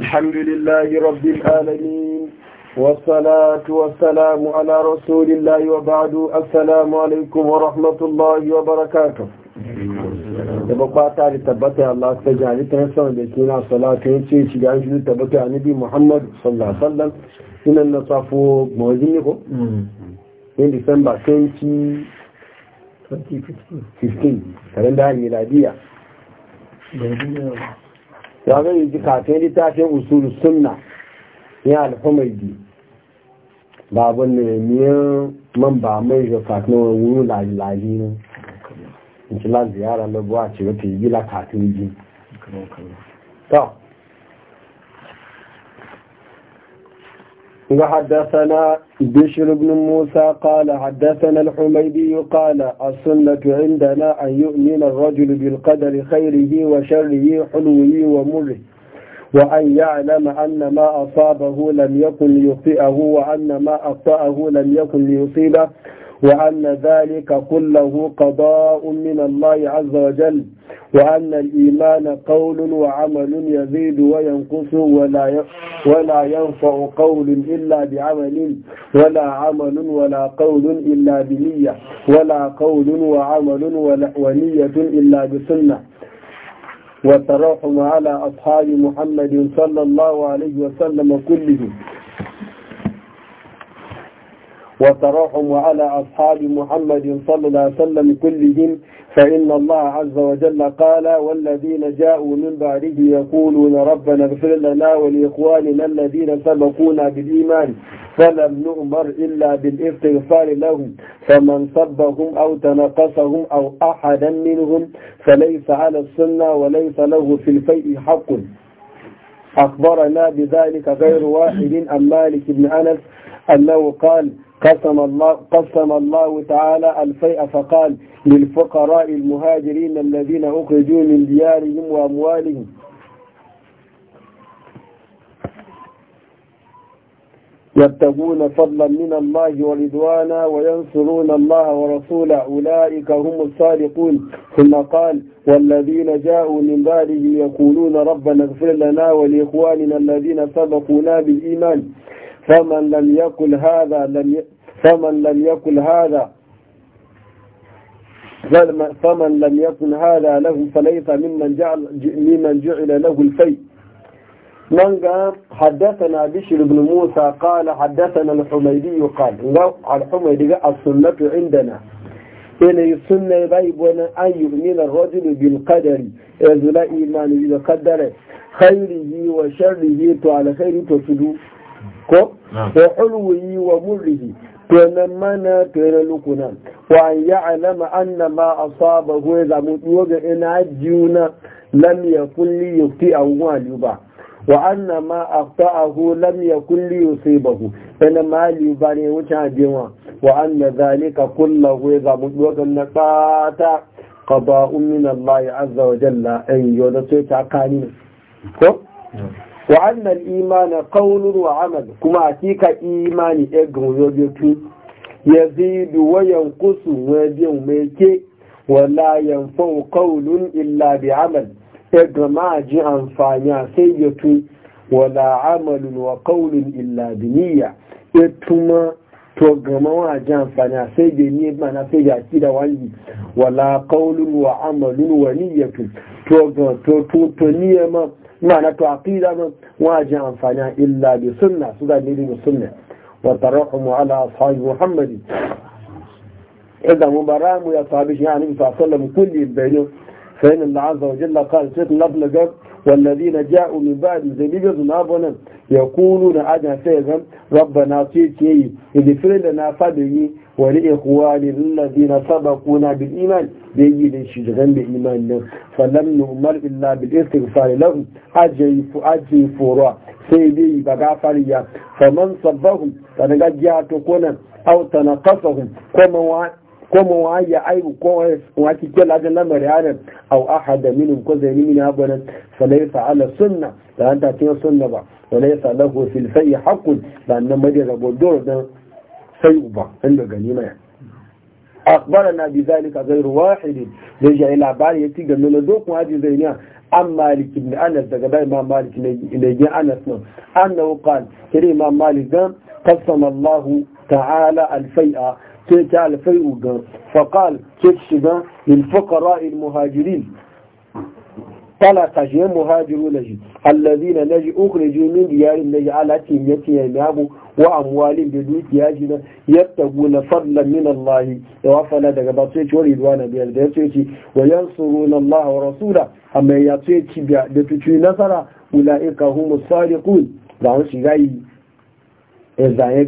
الحمد لله رب العالمين والصلاة والسلام على رسول الله وبعد السلام عليكم ورحمة الله وبركاته da bakwata da tabbata Allah ta jari ta yasa da kina salatu ya ce shiga an shirin tabbata a Muhammad sallallahu sallam sinan na safo 2015 ya zai ji kafin littafin usul sunna ya alhumaidi babun ne miya man ba mai jo kafin wani wuri lalilali ne in ci la ziyara na buwa ce wata yi gila kafin ji to وحدثنا بشر بن موسى قال حدثنا الحميدي قال السنة عندنا أن يؤمن الرجل بالقدر خيره وشره حلوه ومره وأن يعلم أن ما أصابه لم يكن يخطئه وأن ما أخطأه لم يكن ليصيبه وأن ذلك كله قضاء من الله عز وجل وأن الإيمان قول وعمل يزيد وينقص ولا ولا ينفع قول إلا بعمل ولا عمل ولا قول إلا بنية ولا قول وعمل ولا ونية إلا بسنة والتراحم على أصحاب محمد صلى الله عليه وسلم كلهم وتراهم على أصحاب محمد صلى الله عليه وسلم كلهم فإن الله عز وجل قال والذين جاءوا من بعده يقولون ربنا اغفر لنا ولإخواننا الذين سبقونا بالإيمان فلم نؤمر إلا بالاستغفار لهم فمن صبهم أو تنقصهم أو أحدا منهم فليس على السنة وليس له في الفيء حق أخبرنا بذلك غير واحد عن مالك بن أنس أنه قال قسم الله قسم الله تعالى الفيء فقال للفقراء المهاجرين الذين أخرجوا من ديارهم وأموالهم يبتغون فضلا من الله ورضوانا وينصرون الله ورسوله أولئك هم الصادقون ثم قال والذين جاءوا من بعده يقولون ربنا اغفر لنا ولإخواننا الذين سبقونا بالإيمان فمن لم يقل هذا لم ي... فمن لم يكن هذا فمن لم يكن هذا له فليس ممن جعل ممن جعل له الفي من قام حدثنا بشر بن موسى قال حدثنا الحميدي قال لو الحميدي السنة عندنا إن السنة بيبنا أن يؤمن الرجل بالقدر إذ لا إيمان قدر خيره وشره على خير تفدو نعم. وحلوه ومره tuwanan mana tuwanan lukuna wa ya alama na ma a saba goya zamu tuwa ga ina juna lam ya kulli yukti a wani ba wa na ma a ta'ahu lam ya kulli yusibahu ina ma liba ne wuce hajjewa wa anna zalika kulla goya zamu tuwa ga na tsata ka ba Allah azza wa jalla ayi yau da sai ta kani ko hmm. wa annal imana qawlun wa amal kuma hakika imani ya gunyo bitu yazidu wa yanqusu wa biyu meke wala yanfa'u qawlun illa bi amal e gama ji amfani sai ya bitu wala amalin wa qawlun illa bi niyya e tuma to gama wa ji amfani sai bi niyya mana sai ya da wani wala qawlun wa amalun wa niyyatun to to to niyya ma معنى تعقيد واجعن فانا إلا بسنة سنة نيري بسنة وترحم على أصحاب محمد إذا مبرام يا صحابيش يعني النبي صلى الله عليه وسلم كل يبينه فإن الله عز وجل قال سيد نبلغ والذين جاءوا من بعد زميل زنابنا يقولون أجا سيدا ربنا سيد كي يدفر لنا ولإخوان الذين سبقونا بالإيمان بيجي شجران بإيمان فلم نؤمر إلا بالاستغفار لهم أجي أجي فورا سيدي بغافريا فمن صبهم فنجاتو كنا أو تنقصهم كما kuma wa ya aibu ko wa kike la dan lamar yana aw ahada minhum ko zai min abana falaysa ala sunna da anta tin sunna ba walaysa lahu fil fayy haqqun da da sai uba inda gani mai akbara zai ruwa hidin da ya yi labari ya ci gami na zokun hajji zai niya an maliki da anas daga bai ma maliki na gina anas nan an na kiri ma maliki zan kasama allahu ta'ala alfai'a ce ta alfai'u ga fakal ce shiga lil fukara il muhajirin tala kashe muhajiru na shi allazi na na shi ukuri jumin diyarin na shi alatin ya ce ya nabu wa amwalin da dukiya shi na yadda guna fadlan min Allah da wafana daga ba sai ciwar iduwa na biyar da ya ce ci wa yan na Allah wa rasula amma ya ce ci da tuci nasara ula'ika humu sadiqun za mu shiga yi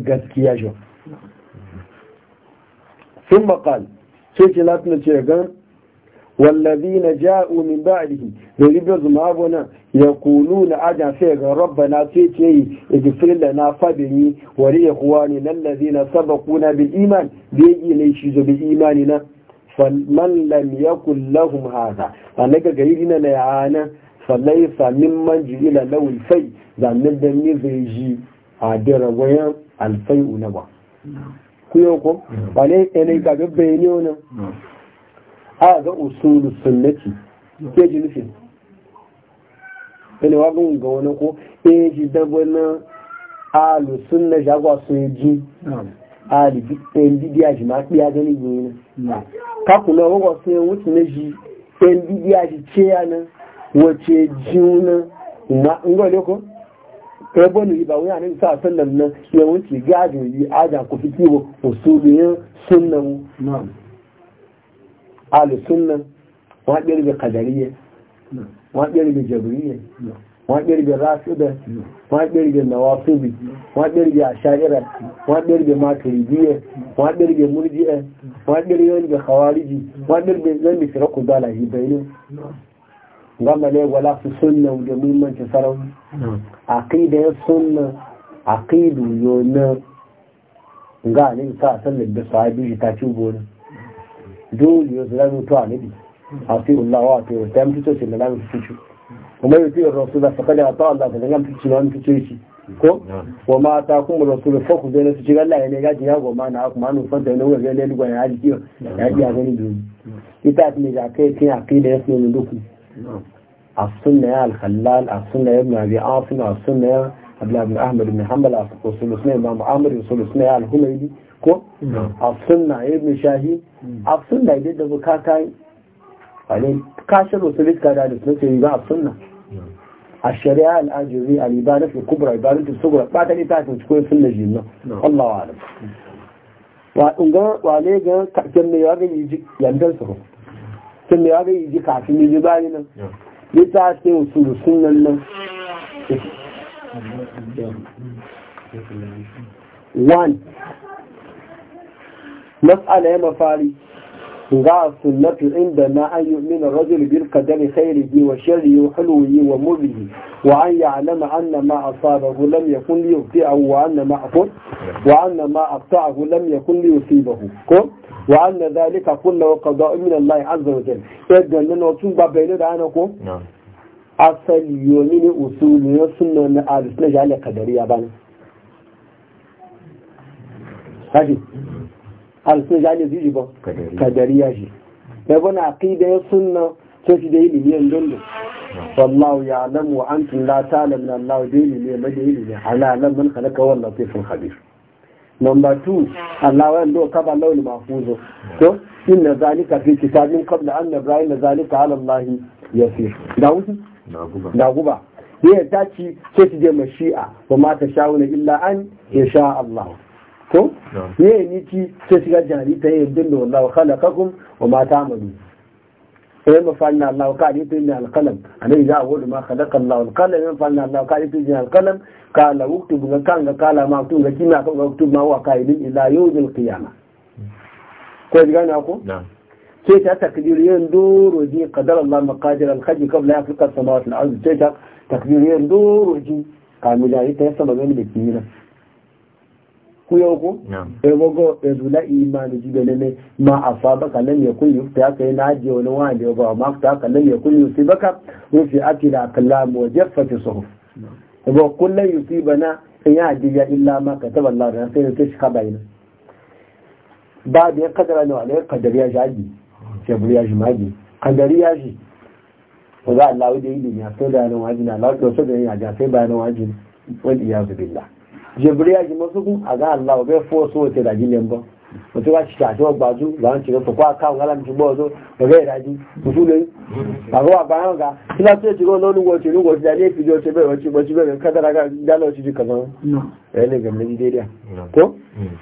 gaskiya shi sun maƙal sai ce latin ce gan Wallanzi na jihar Uminba Ali, da ribar zumabon ya kulu da ajiya sai ga Rabba na tseke ya yi da kisir da na faɗa ya yi, wani yahuwani na lafiya saba kuna bin iman da me ya kullahum Hadza, anan kaga yi gina na Yahanasu, sai sami mani jirgin lalau sai zane-zane zai ji adurwar alfai uku. Wane ne ya ke bai baiyen a ga usulu sunnati ke ji nufin ɗalewa gan ga wani ko ɗaya e ji dabo na alu sunna jagwa sun ji alibi ɗayan e bidiya ji ma ɗiya gani gini na kakuna wakwa sun yin wuce na ji ɗayan e bidiya ji ceya na wace jiuna na ngole ko ebonu iba wuya ne sa sallan nan yawanci gajin yi aja ku fi kiwo usulu yin sunnan ahlus sunna wa dirbi qadariyya wa dirbi jabriyya wa dirbi rafida wa dirbi nawasibi wa dirbi asha'ira wa dirbi maturidiyya wa dirbi murji'a wa dirbi khawariji wa dirbi zambi shirku dalahi bayin gama ne wala su sunna da muhimmanci sarau aqida ya sunna aqidu yo na ga ne ka sallar da sahabi ta ci gona dole yau zira mutu a nabi a fi ullawa a fi wata yamfi sosai na lamun fito kuma yau fiye rasu a ta Allah da lamun fito na lamun fito ko wa ma kuma rasu da fakku su nasu shigar laye ne gaji ya goma na kuma hannun fanta ne wuri zai lelugwa ya haji kiyo ya ji a gani biyu ita ne da kai kin aqida ya sunan duku a sunna ya al-khallal sunna ya ibn abi asim a sunna ya abdullahi bin ahmad bin hanbal ko sulusne imam amr bin sulusne al humaydi ko afsunna ibn shahi hmm. afsunna da da bukata ale ka shi da sulit ka da sunna sai ba afsunna a shari'a al ajri al ibadat al kubra ibadat al sughra ba ta ni ta ci ko sunna jinna allah wa alam wa unga wa le ga ka kin ne ya ga yi yandan su ko kin ne ya ga yi ka kin ne ba ni nan ni ta ce sunna nan one mas'ala ya mafari ga sunnatu inda na an yi yu'mina rajul bil qadari khairihi wa sharrihi wa hulwihi wa mudhihi wa an ya'lama anna ma asabahu lam yakun li yu'ti'ahu wa anna ma akun wa anna ma aqta'ahu lam yakun li ko wa anna dhalika kullu qada'un min Allah azza wa jalla idan nan wasu babaina da ana ko asali yomi ne usulu na suna na alis na jale kadariya ba ne kashi alis na jale zuji ba kadariya shi ya bana aqida ya suna sai shi da yi liliyan dundu wallahu ya alamu wa an tun la ta alamu na allahu da yi liliyan ba da yi liliyan ala alamu man halaka wallah fi sun habir number two allah wa yando kaba launi mafuzo to inna zalika fi kitabin qabla an nabra'ina zalika ala allah yasir da wuce da guba ya ta ci sai su je mashi'a ba ma ta sha'una illa an ya sha Allah ko ya yi niki sai ga jari ta yi dinda kala kakun wa ma ta amalu sai ma na Allah ka ni tin alkalam A anai za a wa ma khalaqa Allah alkalam ya ma na Allah ka ni tin alkalam Ka kala wuktu buga kan ga kala ma wuktu ga kina ka wuktu ma wa kaidin ila yawmil kiyama ko ya na ko sai ta yin doro ji kadar Allah maqadir al-khaji qabla afirka samawati al-ardh sai ta yin doro ji kamila yi ta sama magana da kira ku yau ko e gogo e dula imani ji bene ne ma asaba kalan ya kun ta ya kai na ji wani wani ba ma ta kalan ya kun yufta baka rufi akila aklam wa jaffati suhuf ba kullun yusibana in ya ajiya illa ma kataba Allah da sai ta shi kabaina ba da ya kadara ne wala ya kadariya jaji shebur ya shi magi kandari ya shi ko za Allah wadda yi dunya sai bayanin wajin Allah wadda wasu ganin yaja sai bayanin wajin wani ya zubi la shebur ya shi masu kun a ga Allah fo so wata daji lembo wata ba wani ba wani cikin sokwa kawo galam shi bo so wadda ya daji musu ne ba ga ba yan ga kila sai ci go lonu go ci lu da ne fi jo ce bai wacce ba ci bai kada daga dalo ci ji kaman no eh ne ga mun daidai ko mm.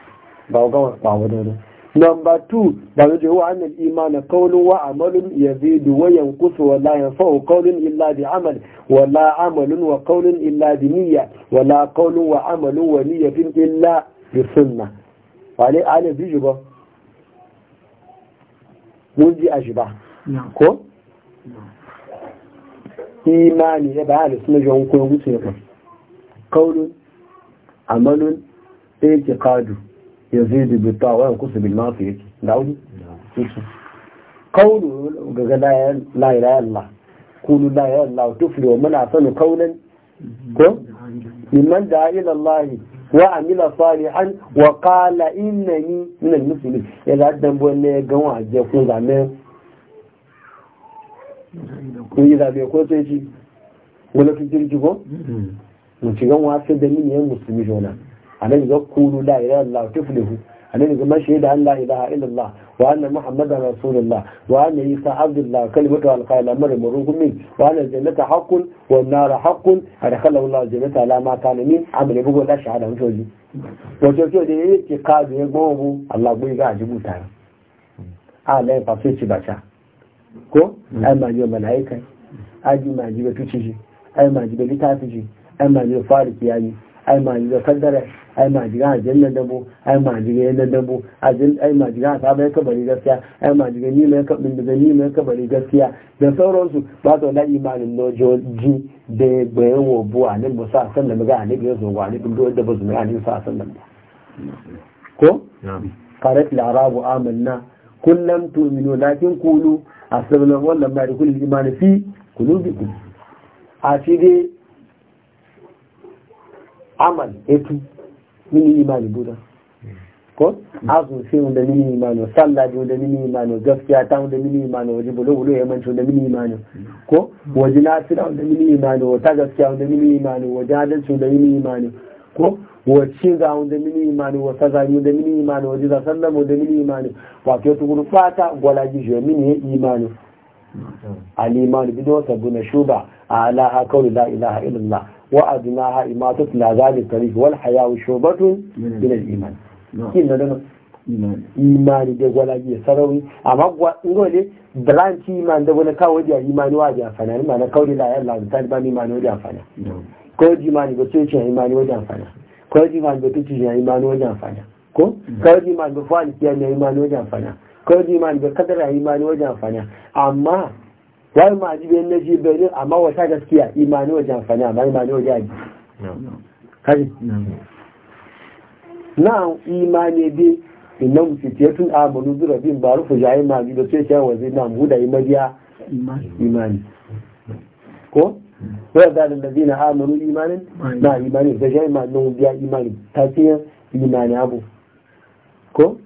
ba ga ba Number two, da zai wa annal imana kaunin wa amalin ya zidu wa yankusu wa layan yanfa'u kaunin illa bi amal wa la amalin wa kaunin illa bi niyya wa la kaunin wa amalin wa niyyatin illa bi sunna. Wale ale bi ba. Mun ji a shi ba. Ko? Imani ya e ba da suna jihon kuma wuce ba. Kaulun, e ke itiqadu. yazidu bi tawa wa kusu bil mafi daudi kaunu gaga la ilaha illallah kulu la ilaha illallah tufli wa muna sanu kaunan ko liman da ila allah wa amila salihan wa qala innani min al muslimin ila dan bo ne gan wa je kun ga ne kun yi zabe ko sai ci wala kin jirgi ko mu ci gan wa sai da ni ne musulmi jona annabi ga kulu la ilaha illallah tuflihu annabi ga mashhadu an la ilaha illallah wa anna muhammadan rasulullah wa anna isa abdullah kalimatu alqaila mar murukum min wa anna jannata haqqun wa an-nar haqqun adkhalahu allah jannata la ma kana min amal bugo la shahada mun toji wato ke da yake kazu ya gobu allah bai ga ajibu tare a lai fa sai ci bacha ko ai ma yo malaika aji ma ji ga tuci ji ai ma ji ga litafi ji ai ma ji fariki yayi ai ma jiga kaddara ai ma jiga aljanna dabo ai ma jiga yana dabo a jin ai ma jiga sabai ka bari gaskiya ai ma jiga ni mai kabin daga ni mai ka bari gaskiya da sauransu ba ta da imanin ji da bayan wa a ne ba sa san da muga annabi ya zo wa ne bin da ba su mai annabi sa san da ko karat al arabu amanna kullam tu'minu lakin qulu aslamna wa lam yarikul iman fi qulubikum a shi dai amal etu mini imani buda ko azu fi wanda mini imani sallah ji wanda mini imani gaskiya ta wanda mini imani waje bulu bulu ya manci wanda mini imani ko waje nasira wanda mini imani wata gaskiya wanda mini imani waje adalci wanda mini imani ko wace ga wanda mini imani wata ga wanda mini imani waje za sallah wanda mini imani wato ta guru fata gwala ji shi mini imani al-iman bi dawsa bi shuba ala hakaw la ilaha illallah وأدناها إماتة العذاب الطريق والحياة شعبة من الإيمان كنا دنا imani da gwalaji da sarauni amma ngole branch iman da wani kawo da imani wa da fana ni mana kauri la yalla da taliban imani wa da fana ko ji imani ba ce imani wa da fana ko ji imani ba tuci imani wa da fana ko ko ji imani ba fa'al kiyani imani wa da fana ko ji imani ba kadara imani wa da fana amma wai ma ji bayan naji amma wata gaskiya imani wajen amfani amma imani wajen aji kari na imani bi inna musitiyatun amanu zura bin barufu jayi ma bi da sai cewa wazi na da imaniya imani ko wa zalim ladina amanu imanin na imani da jayi ma nan biya imani tasirin imani abu ko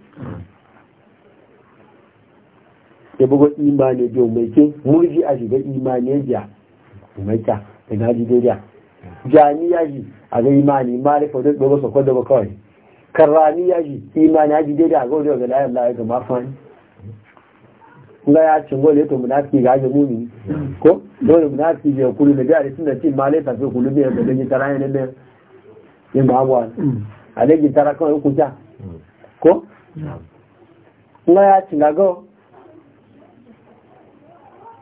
ya bugo imani biyu mai ke murji a shiga imani ya mai ka da gaji daidai jani ya ji a ga imani marifa da dogo sako da kawai karrani ya ji imani ya ji daidai a ga wajen ga layar ga mafani nga ya cin gole to munafiki ga ga muni ko dole munafiki ya kulu da da tunda cin malai ta fi kulu ne da gaji tara ne ne yin ba wa a ne gitara kawai ku ja ko nga ya cin ga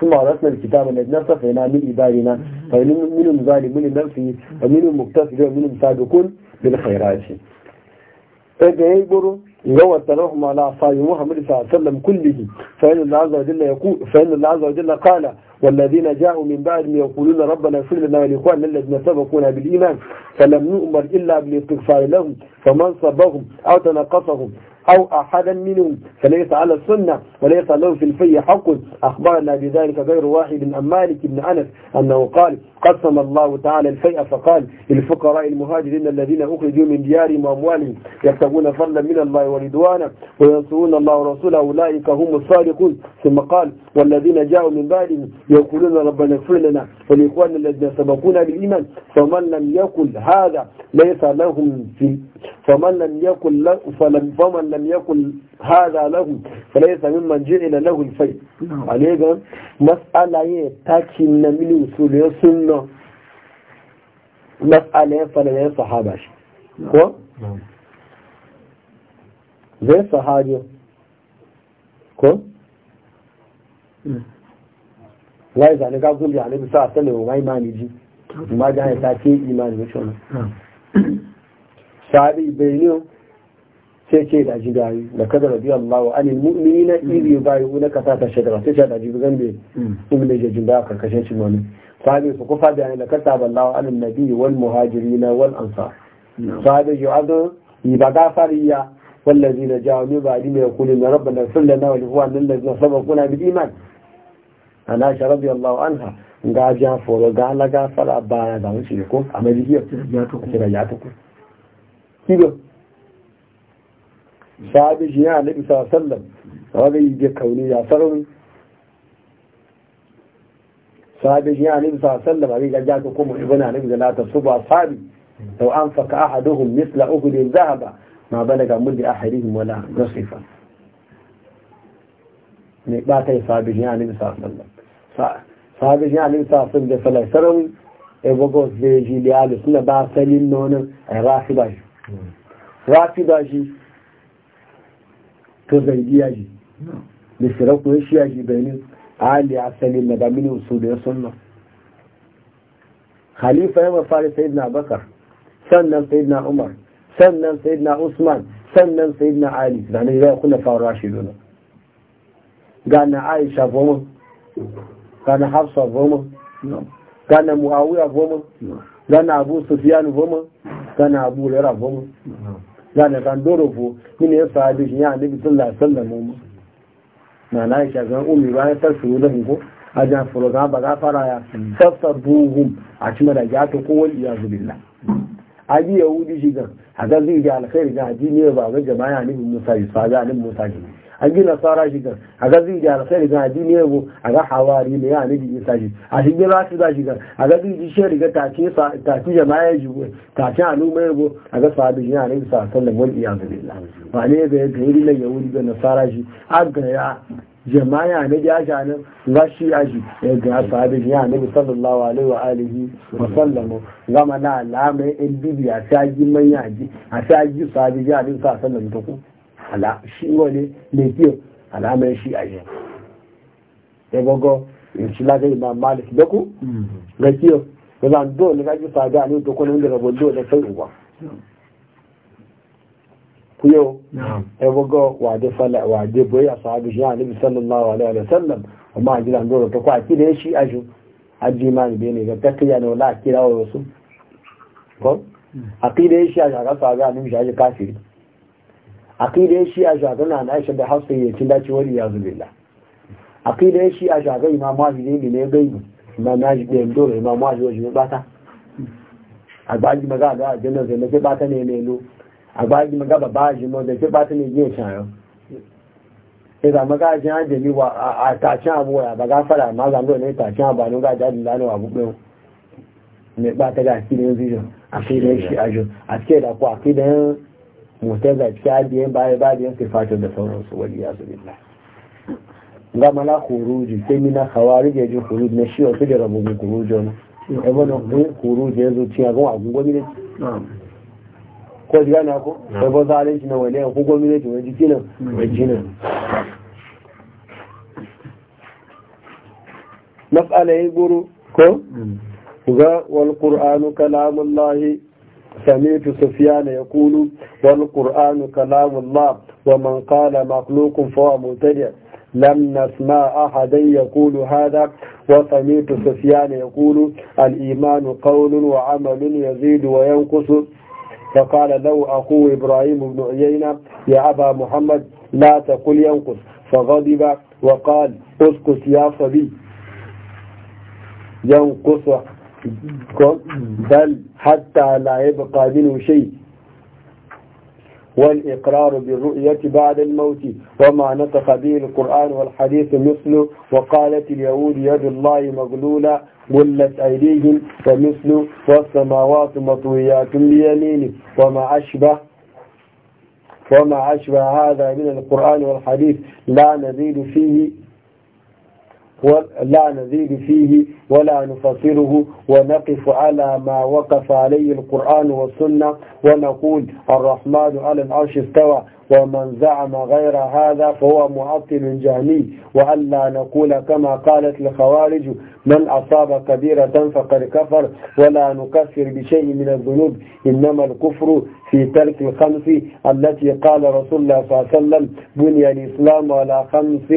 ثم عرفنا الكتاب الذي نصفنا من عبادنا فمنهم ظالم من نفسه ومنهم مقتصد ومنهم سابق بالخيرات فجاي برو يوم تروحهم على صايم محمد صلى الله عليه وسلم كله فإن الله عز وجل يقول فإن الله عز وجل قال والذين جاءوا من بعدهم يقولون ربنا اغفر لنا ولإخواننا الذين سبقونا بالإيمان فلم نؤمر إلا بالاستغفار لهم فمن صبهم أو تنقصهم أو أحدا منهم فليس على السنة وليس له في الفي حق أخبرنا بذلك غير واحد عن مالك بن أنس أنه قال قسم الله تعالى الفيء فقال للفقراء المهاجرين الذين أخرجوا من ديارهم وأموالهم يبتغون فضلا من الله ورضوانا وينصرون الله ورسوله أولئك هم الصادقون ثم قال والذين جاءوا من بعدهم يقولون ربنا اغفر لنا ولإخواننا الذين سبقونا بالإيمان فمن لم يقل هذا ليس لهم في فمن لم يقل له فلم فمن لم يقل هذا لهم فليس ممن جعل له الفيل عليه مسألة تاكين من أصول السنة مسألة فلا الصحابة ko? zai sahabi ko? wai zane ga gumbi annabi a sallallahu wai mani ji amma ga ta ce imani shi sai ce da ji da kada rabi Allah wa anil na ka ta shajara sai ce da ji gambe ibn jajin ba karkashin shi wani sabi su kufa da da kata Allah anil nabi wal wal أنا شرب الله عنها عاجيا فور قال لا فلا با دام شيكو اما دي ياتو ياتو كيلو صاحب جي عليه الصلاه والسلام هذا يجي كوني يا فرون صاحب جي عليه الصلاه والسلام هذا يجي جاكم ابن عليه زلاله الصبح صاحب لو انفق احدهم مثل احد الذهب ما بلغ مد احدهم ولا نصفا نبات يعني صاحب جي عليه الصلاه والسلام sahabin ya alim sa'asun da salasaran ebogos da ya ji da suna ba salin nonin a rafi ba shi rafi ba shi to zaidiya da shiraku ya shiya ji bayanin ali asalin na ba mini usul ya sunna khalifa ya mafari sayyidina bakar sannan sayyidina umar sannan sayyidina usman sannan sayyidina ali da ne ya kuna faruwa shi dole ga aisha goma kana hafsa goma kana muawiya goma kana abu sufyan goma kana abu lera goma kana kan dorofo mini ya sahabi shi ya nabi sallallahu alaihi wasallam na na aisha kan ummi ba ta su da ko ajan furo ga ba ga fara ya mm. safaduhum a cikin da ya ta kowal iya zubillah abi yahudi shi ga haka zai ga alkhairi ga addini ba ga jama'a nabi musa isa ga nabi musa ne an gina tsara shi gan a ga zai jara sai riga addini ya go a ga hawari ne ya nabi isa shi a shi gina su za shi gan a ga zai shi riga tafi jama'a ya shi tafi a ya go a ga sahabi shi na nabi sa wani wal iyazu billah ba ne ga yadda yuri na yahudi ga nasara shi an ga ya jama'a na ya sha nan ga shi ya shi ya ga sahabi shi ya nabi sallallahu alaihi wa alihi wa sallam gama na alamai in bibiya ta ji manya a ta ji sahabi shi a nabi sa sallan ta ku ala shi wani ne biyu shi a yi ya gogo ma malik da ku mm-hmm. do ne kaji fada ne da do da sai uwa ku yau ya gogo wa shi sallallahu alaihi shi a shi aji ma ne bene, ga takiya ne wala kira wa ko mm. shi a ga shi kafiri aqidan shi a shagana na aisha da hafsa ya ci dace wani ya zubilla aqidan shi a shagan imamu azumi ne ne gaibi ma na ji da dole imamu azumi wajen ya bata agbaji maga ga ajiyar zai mace bata ne ne lo agbaji maga ba ba mo zai ce bata ne je shayo idan maga ajiyar ajiyar wa a tashin abuwa ya baga fara ma zango ne tashin abuwa ne ga jadi lano abu ɓewo ne bata ga akidan zijo akidan shi ajo a cike da ku akidan mutaza kyadiyan baya bayan sifatin da sauransu wani ya zubi ga na kuruji sai mina hawari ya ji kuruji na shi wasu da rabu mu kuruji wani ebe ne kuruji ya zuci ya gama agun ne ko ji gana ko ebe zalunci na wani ko gwamnati wani jiki nan wani nan matsala ya guru ko mm. ga wal qur'anu kalamullahi سمعت سفيان يقول والقرآن كلام الله ومن قال مخلوق فهو مبتدع لم نسمع أحدا يقول هذا وسمعت سفيان يقول الإيمان قول وعمل يزيد وينقص فقال له أخوه إبراهيم بن عيينة يا أبا محمد لا تقل ينقص فغضب وقال اسكت يا صبي ينقص بل حتى لا يبقى منه شيء والإقرار بالرؤية بعد الموت وما نطق به القرآن والحديث مثل وقالت اليهود يد الله مغلولة غلت أيديهم فمثل والسماوات مطويات بيمين وما أشبه وما أشبه هذا من القرآن والحديث لا نزيد فيه ولا نزيد فيه ولا نفسره ونقف على ما وقف عليه القرآن والسنة ونقول الرحمن على العرش استوى ومن زعم غير هذا فهو معطل جهمي وألا نقول كما قالت الخوارج من أصاب كبيرة فقد كفر ولا نكفر بشيء من الذنوب إنما الكفر في ترك الخمس التي قال رسول الله صلى الله عليه وسلم بني الإسلام على خمس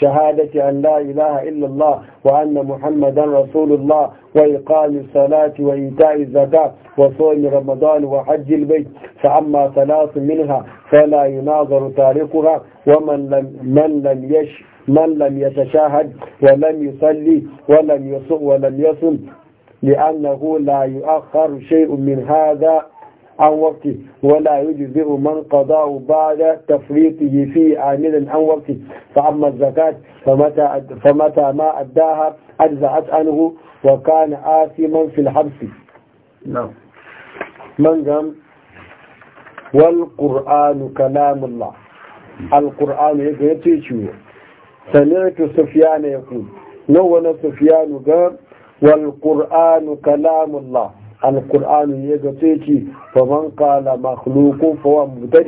شهادة أن لا إله إلا الله وأن محمدا رسول الله وإقام الصلاة وإيتاء الزكاة وصوم رمضان وحج البيت فأما ثلاث منها فلا يناظر تاركها ومن لم, من لم يش من لم يتشاهد ولم يصلي ولم يصوم ولم يصم لأنه لا يؤخر شيء من هذا عن وقته ولا يجزئ من قضاه بعد تفريطه فيه عامل عن وقته فأما الزكاة فمتى, فمتى ما أداها أجزعت عنه وكان آثما في الحبس نعم من قام والقرآن كلام الله القرآن يتيشو سمعت سفيان يقول نو سفيان قال والقرآن كلام الله alkur'anu ya ga ce faman kala makhluqu fa wa da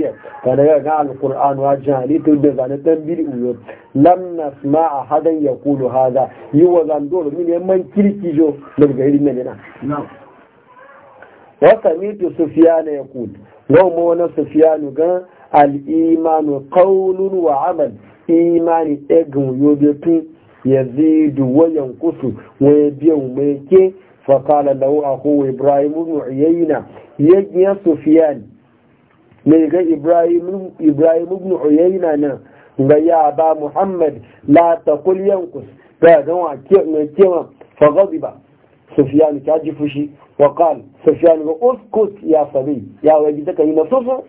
kana ga ga alkur'anu a jani to da zane dan biri uyo lam nasma ahadan yaqulu hada yi wa zan dole min man kirki jo daga irin nan na wa samitu sufyana yaqul yau ma wani sufyanu ga al-imanu qawlun wa amal imani egun yobe tun yazidu wa yankusu wa yabiyu mai ke فقال له أخوه إبراهيم بن عيينة يجني سفيان من إبراهيم إبراهيم بن عيينة يا أبا محمد لا تقل ينقص فغضب سفيان كاجفشي وقال سفيان اسكت يا صبي يا وجدك هنا صفر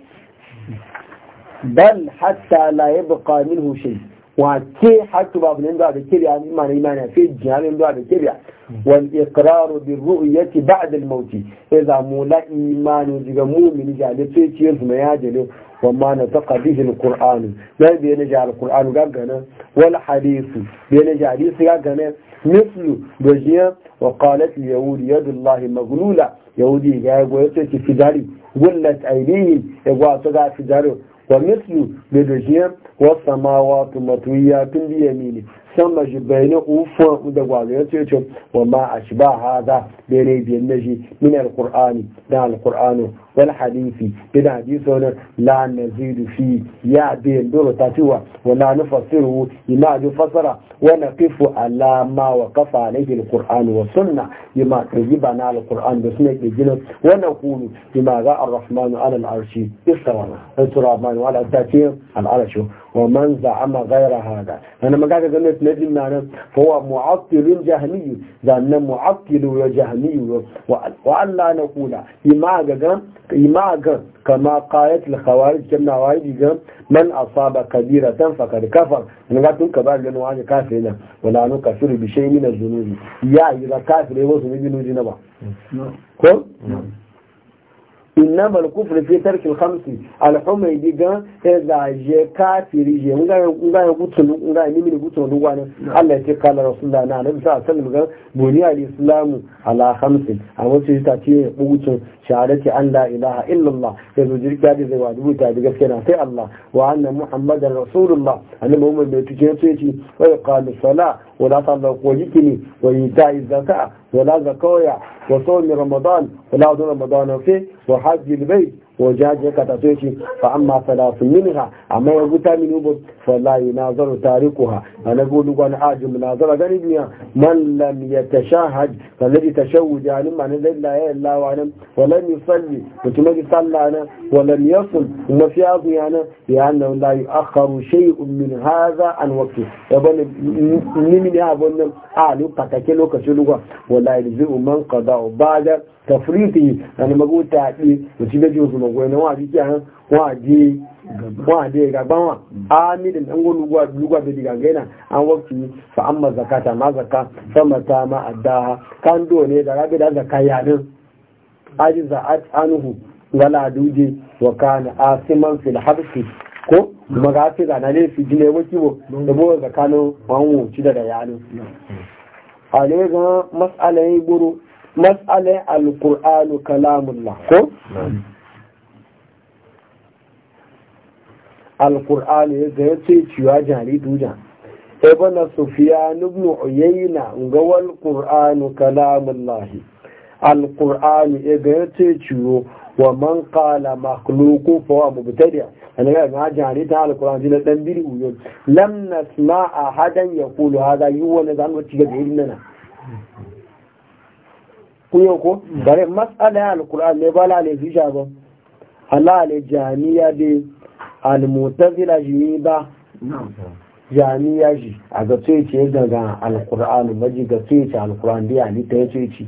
بل حتى لا يبقى منه شيء وكي حتى باب الاندواء بكبيع يعني؟ الإيمان إيمان في الجهال الاندواء بكبيع يعني؟ والإقرار بالرؤية بعد الموت إذا مولا إيمان وزيقى مؤمن جعل يتويتي يرزم ياجله وما نتقى به القرآن ما بينا جعل القرآن قابقنا والحديث بينا جعل يسقابقنا مثل بجية وقالت اليهود يد الله مغلولة يهودي يقول يتويتي في داري قلت أيديهم يقول أتقى في داري wa mislu da dajiyar wasu samawa tumatuwiya tun biya mini sama shi bayani ufan da gwazon sai wa ma a shi ba haza ne biyan na shi min alkur'ani da alkur'ani wal hadisi da hadisi wani la nazidu fi ya biyan dole ta wa la nufassiru Ina ji fasara wa na kifu alama wa kafa na alkur'ani wa sunna ima kirgi ba na alkur'ani da suna ke gina wa na kulu ima za a rahmanu ala al'arshi istawa na turabani ala ta ce al'arshi wa man za'ama ghayra hada ana magaga ganin tunajin na nan fa wa mu'attilun jahmiyu zannan mu'attilu ya jahmiyu wa Allah na kula ima ga ima ga kama qayat al khawarij kamna waji ga man asaba kabiratan faqad kafar ga tun ka ba ga nan waje kafirina wala nu kafiru bi shay'in min az-zunubi ya yi kafire wasu ne bi nudi na ba ko إنما الكفر في ترك الخمس الحمي ديغا إذا جي كافر جي نغا نغا يقتل نغا يمين يقتل نغا الله يتقال رسول الله نعم صلى الله عليه وسلم بني الإسلام على خمس أو تاتي يقوت شهادة أن لا إله إلا الله يزو جريك هذه زي واجبو تابي قسكنا في الله وأن محمد رسول الله أنا مؤمن بيتجيب سيتي ويقال الصلاة ولا تصدق وجكني وإيتاء الزكاة ولا زكاة وصوم رمضان ولا دون رمضان وفي وحج البيت wajaje ka tato shi fa amma salatu minha amma ya guta min ubu fa la yunazaru tarikuha ana gudu gwan aji munazara gani duniya man lam yatashahad kalli tashawuja ni man la ilaha illa wa nan wa lam yusalli mutum ya salla nan wa lam yasum ma fi azu ya nan ya annahu la yu'akhkharu min hadha an waqti yaban ni min ya bonnan a lu patake lokacin lugwa wala yajzi man qada gbogbo ẹ̀nà wọn àdíjẹ́ àwọn wọn àdé ìgbàgbáwọn àmìdìn ẹgbẹ́ olúgbàbẹ̀dì gàgẹ́nà àwọn fi fa'amma zakata ma zaka samata ma addaha kando ne da rabi da zaka yanin aji za'at anuhu wala duje wa kana asiman fil habsi ko kuma ga ce ne fi jine da bo zakanin wanwo ci yanin a masalai alkur'anu kalamullah ko alkur'ani ya zai ce ciwa jari dujan ibn sufyan ibn uyayna ga wal alkur'ani ya zai ce ciwo wa man qala makhluqu fa huwa mubtadi ana ga ma jari ta alkur'ani na dan biri uyo lam nasma ahadan ci kuyo ko bare mas'ala alkur'ani ne bala ne zuja ba ala dai almutazila ne ba jami'a ji a ga tsoyici ya gaga alkur'anu maji ga tsoyici alkur'an biya ni ta ya tsoyici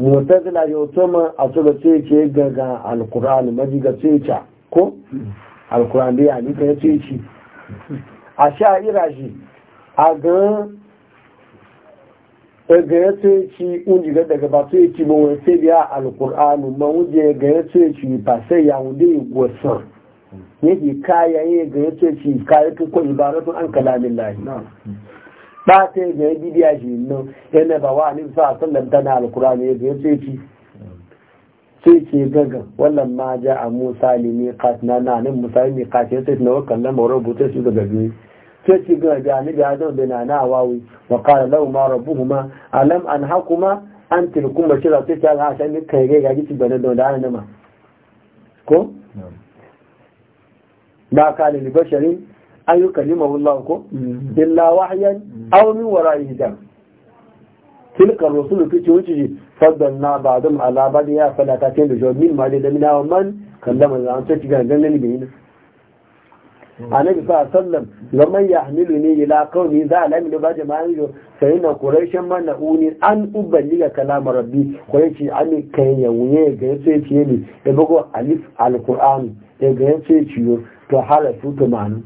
mutazila ya wato ma a tso ga tsoyici ya gaga alkur'anu maji ga tsoyici ko alkur'an biya ni ta ya tsoyici a ira ji a ga e ga ya tsoyici unji ga daga ba tsoyici ba wani sai biya alkur'anu ma unji ga ya tsoyici ba sai ya wunde gwasan yake kayaye ga yake shi kayi ko ibaratun an kalamin lahi ba ta ga bidiya shi no yana ba wa alim sa sallan na alkurani ga ce ci sai ce gaga wannan ma ja a musa ne kasna na nan musa limi kasna yace na wakan lamar rubuta shi daga biyu sai ce ga ga ni ga zan bina na wawi wa qala law ma rabbuhuma alam anhakuma an tilkuma shira sai ta ga shan kai ga ga gici bana da wannan ma ko ba ka da libasharin an yi kalimahullahu ko illa wahayan aw min wara'i hijab tilka rusulu fi wuce ba ba'dum ala ba'd ya fala ta ce da jawmin ma da mina wa man kallama zan ta kiga ganin ne annabi sa sallam lamman yahmilu ni ila qawmi za lamin da ba jama'an yo sai na quraishan mana uni an uballiga kalam rabbi quraishi an kai kan wuye ga yace ce ne da bugo alif alquran da ga yace ciyo to halafu to ma'anu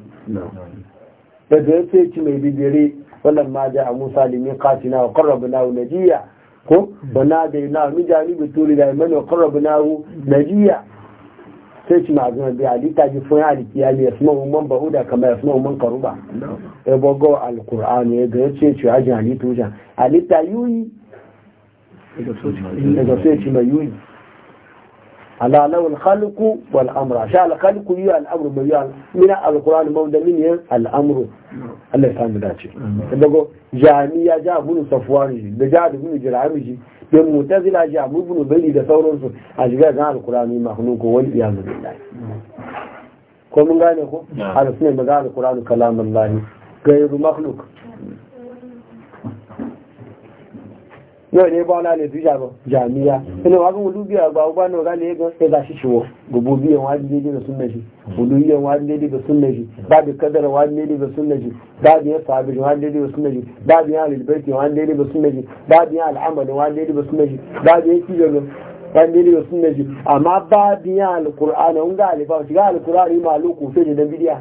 da da ya ce mai bibiri wannan ma ja a musa limin katina wa karrabu na najiya ko hmm. ba na da na mi janibi turi da imani wa karrabu na najiya sai ci ma zuwa biya alita ji fun aliki ya ne yasma umman bahuda kamar yasma umman karuba ya bogo alkur'an ya ga ya ce ci hajji halittu jan alita yuyi daga so ci mai yuyi ala lawal khalqu wal shi sha al khalqu bai yi amru bayan min al qur'an mawda min ya al amru Allah ya samu dace dago jami'a ja bunu safwani da ja bunu jirami da mutazila ja bunu bari da sauransu a shiga ga al qur'ani mahluku wal iyad billah ko mun gane ko al sunan maga al qur'an kalamullahi gairu makhluk yau ne ba wala lezu jami'a ina wa kan wulu biya ba ba no ga ne ga sai ga shi shiwo gubu biyan wani ne daga sunna shi wulu kadara wani ne daga sunna shi ba bi sahabi wani ne daga sunna shi ba bi ahlul bait wani ne daga sunna shi ba bi al'amal wani ne daga sunna shi ba bi kiyo wani ne daga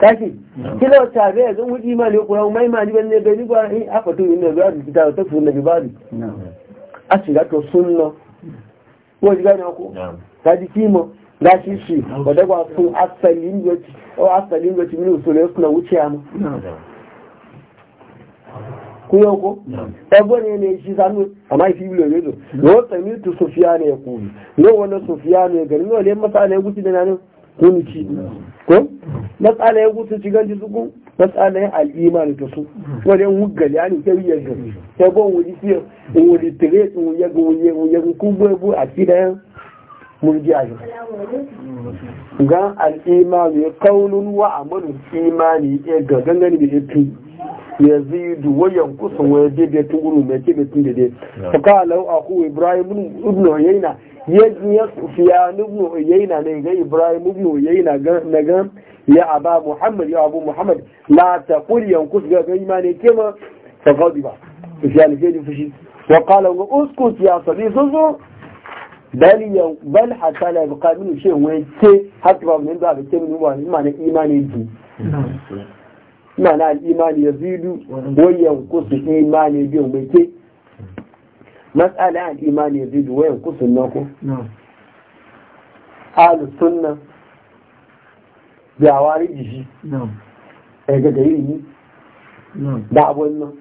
kashi kila tabe yanzu wuji ma ne kuma mai mani banne bai ni ba in aka to inna ba su ta ta sunna bi bari a shiga to sunna ko ji gane ko ta ji kimo ga shi shi ba da ba sun asalin yaci o asalin yaci min sunna suna wuce amma ku yau ko ebo ne ne shi sanu amma fi bilo ne do yo tsami tu sufiyane ya kuri yo wannan sufiyane garin yo le masala ya guci da nanin kun ci ko matsala ya gutu ci ganji su kun matsala ya al'imani ta su yan wuggali ya nuke wuyar ga ta gwa wuri fiye in wuri tire in wuyar ga wuyar wuyar kubo bu a fi da yan murji a yi ga alima ya kaunin wa amalin imani ya ga gangani da ya fi ya zidu wayan kusan waya daidai tun guru mai ke da tun daidai fa kawo lau aku ibrahim ibn uyayna ya sufiya nubnu ne ga ibrahim nubnu uyayna na ga ya aba muhammad ya abu muhammad la ta kul yankus ga ga imani ke ma tafadi ba sufiya ne ke fushi wa qala wa uskut ya sabi zuzu bal ya bal hatta la ba min shi wai ce hatta ba mun da ba ce mun wa imani imani di imani al imani yazidu wa yankus imani bi wai ke matsala an imani ya zidu wayan kusun na ku alu sunna yawari jishi ya ga gari yi da abun nan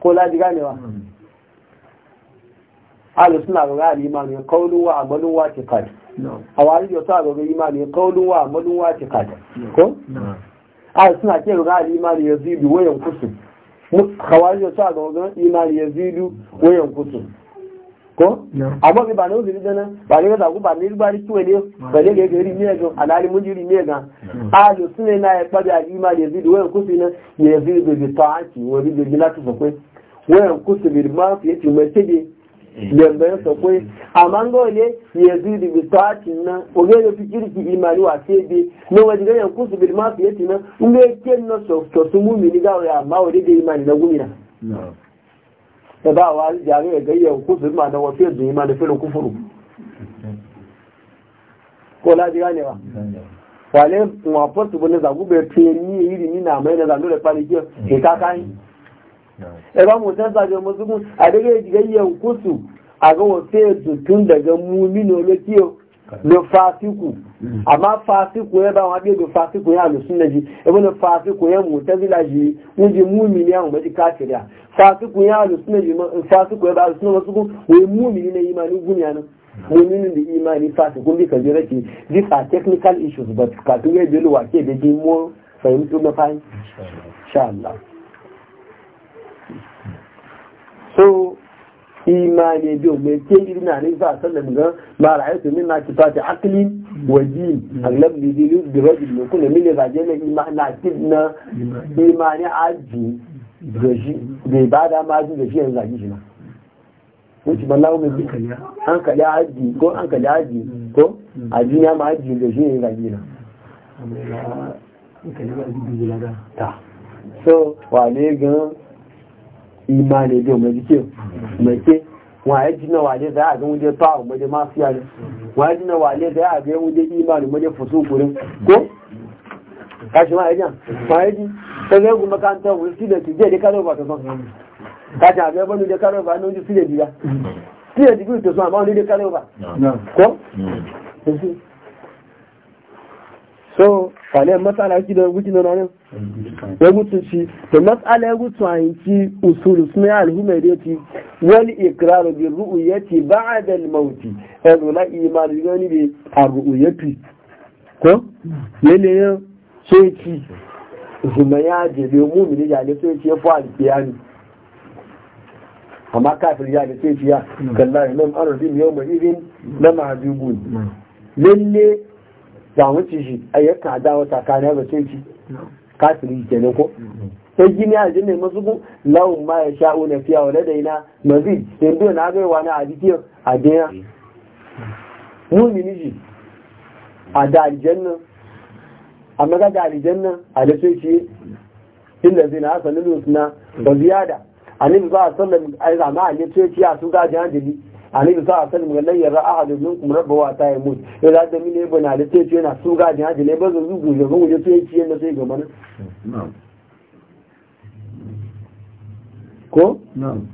ko laji ganewa alu suna ga imani ya kaunin wa amalin wa ke kadi a wari yau ga imani ya kaunin wa amalin ko suna ga wayan kawai ga wajen imani ya zidu ko amma bi ba ne uzuri dana ba ne ga ku ba ne ba ni tuwe ne ba ne ne ga mun ne ga na wayan kutu ne bi ma fi bẹ̀rẹ̀ sọ pé àmángọ́lẹ̀ yẹ̀zú ìdìbò tó á ti ná ògẹ́lẹ̀ ya kíríkì ìmàlú àti èdè ní wọ́n ti gẹ́yẹ̀ kú síbi máa fi ètì náà ń gbé kí ẹ̀nà sọ̀tún mú mi nígbà rẹ̀ àmá òdédé ìmàlú náà gómìnà. ẹ̀bá wa jàre ẹ̀gẹ́ yẹ̀ kú síbi máa náwó fi èdè ìmàlú fẹ́rẹ̀ kú fòrò. kó láti rá nìyà ẹgbẹ́ e mu tẹ́ sàjọ mo sókún àdéhùn ìdíje yẹn kùsù àgọ́wọ̀ fèètò tún dẹ̀gẹ́ mú nínú olókì Na lè fa síkù àmá fa síkù yẹn bá wọn abéèdò fa síkù yẹn àlùsùn náà jì ẹgbẹ́ ní fa síkù yẹn mú tẹ́sílà jì wọ́n di mú ya ní àwọn ọmọdé káàkiri à fa síkù yẹn àlùsùn náà jì fa síkù yẹn bá àlùsùn náà sókún wọ́n da imani fasi kun bisa jira these are technical issues but katun ya jelo ke da ji fahimtu na so imani bi mai ke iri na ne sa sallam ga ma ra'aytu minna kitati aqli wa din aglab li dilu bi rajul min kullu min zaje na imani na kidna imani aji gaji bi ba da ma ji gaji yanzu gaji na wuce ballahu mai bikali an kali aji ko an kali aji ko aji ya ma aji gaji yanzu gaji na ta so wa wale gan imani da mai jike mai ke waye jina wale da ya ga wuje tawo mai da mafiya ne waye jina wale da ya ga wuje imanin mai da fusu gurin ko kashi ma yajan waye ji ta zai kuma kanta wuri student je da karo ba ta son kashi a gaba da karo ba nan ji student ya student ji to so amma ne da karo ba ko so fane matsala yake da gudu na ranar ya gudu shi Da matsala ya gudu a yanki usulu suna yake wani ikiraru bi ba a da mauti ya zo na imani gani bi a ru'uyati ko ne ya sai ki zuma ya je bi mu'mini ya ya sai ki ya ni alkiyani amma kafin ya le ya ki ya mm. kallahi lam ardim yawma idin lama hajibun mm. lalle zamu ci shi ayyukan adawa tsakanin ba sai ci yi kenan ko sai gini a jini masu gu lawan ma ya sha na fiya wa na mazi yanzu na zai wani na jikin adiya mumini ji a da nan a maza da nan a da sai shi inda zai na asalin lusna ba ziyada a nufi ba a sallar a zama a ne sai a su gajiyar jini da sa'a sallam ga layyar lan da ahadu kuma rabawa ta yi yamut ya da da mine bana da ce yana su ga jihadi ne bazan zuwa ga gungu ya ce ciye na sai ga mana ko na'am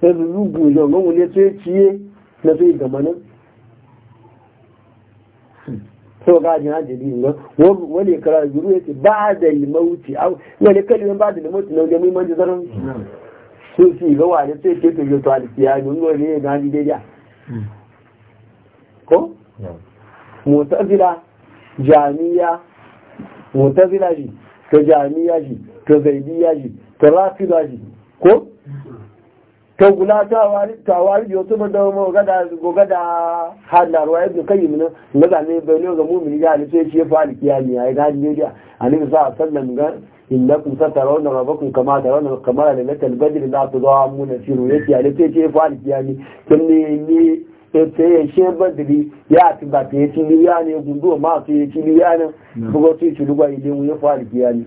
sai zuwa ga gungu ya ce ciye na sai ga mana sau gajin ajiyar ne wani kara guru ya ce ba da limauti wani kalibin ba da limauti na wajen muhimmanci zarar tó fi ìlọ́wà rẹ̀ tó èké pèjọ tó àlìsíyà lóńgbò rí ẹ̀gán adìdẹ́díà kó mọ̀tẹ́fìlà jàmíyà mọ̀tẹ́fìlà jì tó jàmíyà jì tó zaidiya jì tó ráfìlà jì kó tó gula tawari yau tuba da goga da ne na zane bai ne ga ya ce ya a innakum satarawna rabbakum kama tarawna kama lailatul badr la tudamuna fi ru'yati ya lati ce fa alkiyami kinni ni ete she badri ya ti ba te ti ni ya ne gundo ma ti ti ni ya ne bugo ti ti lugba ile mu fa alkiyami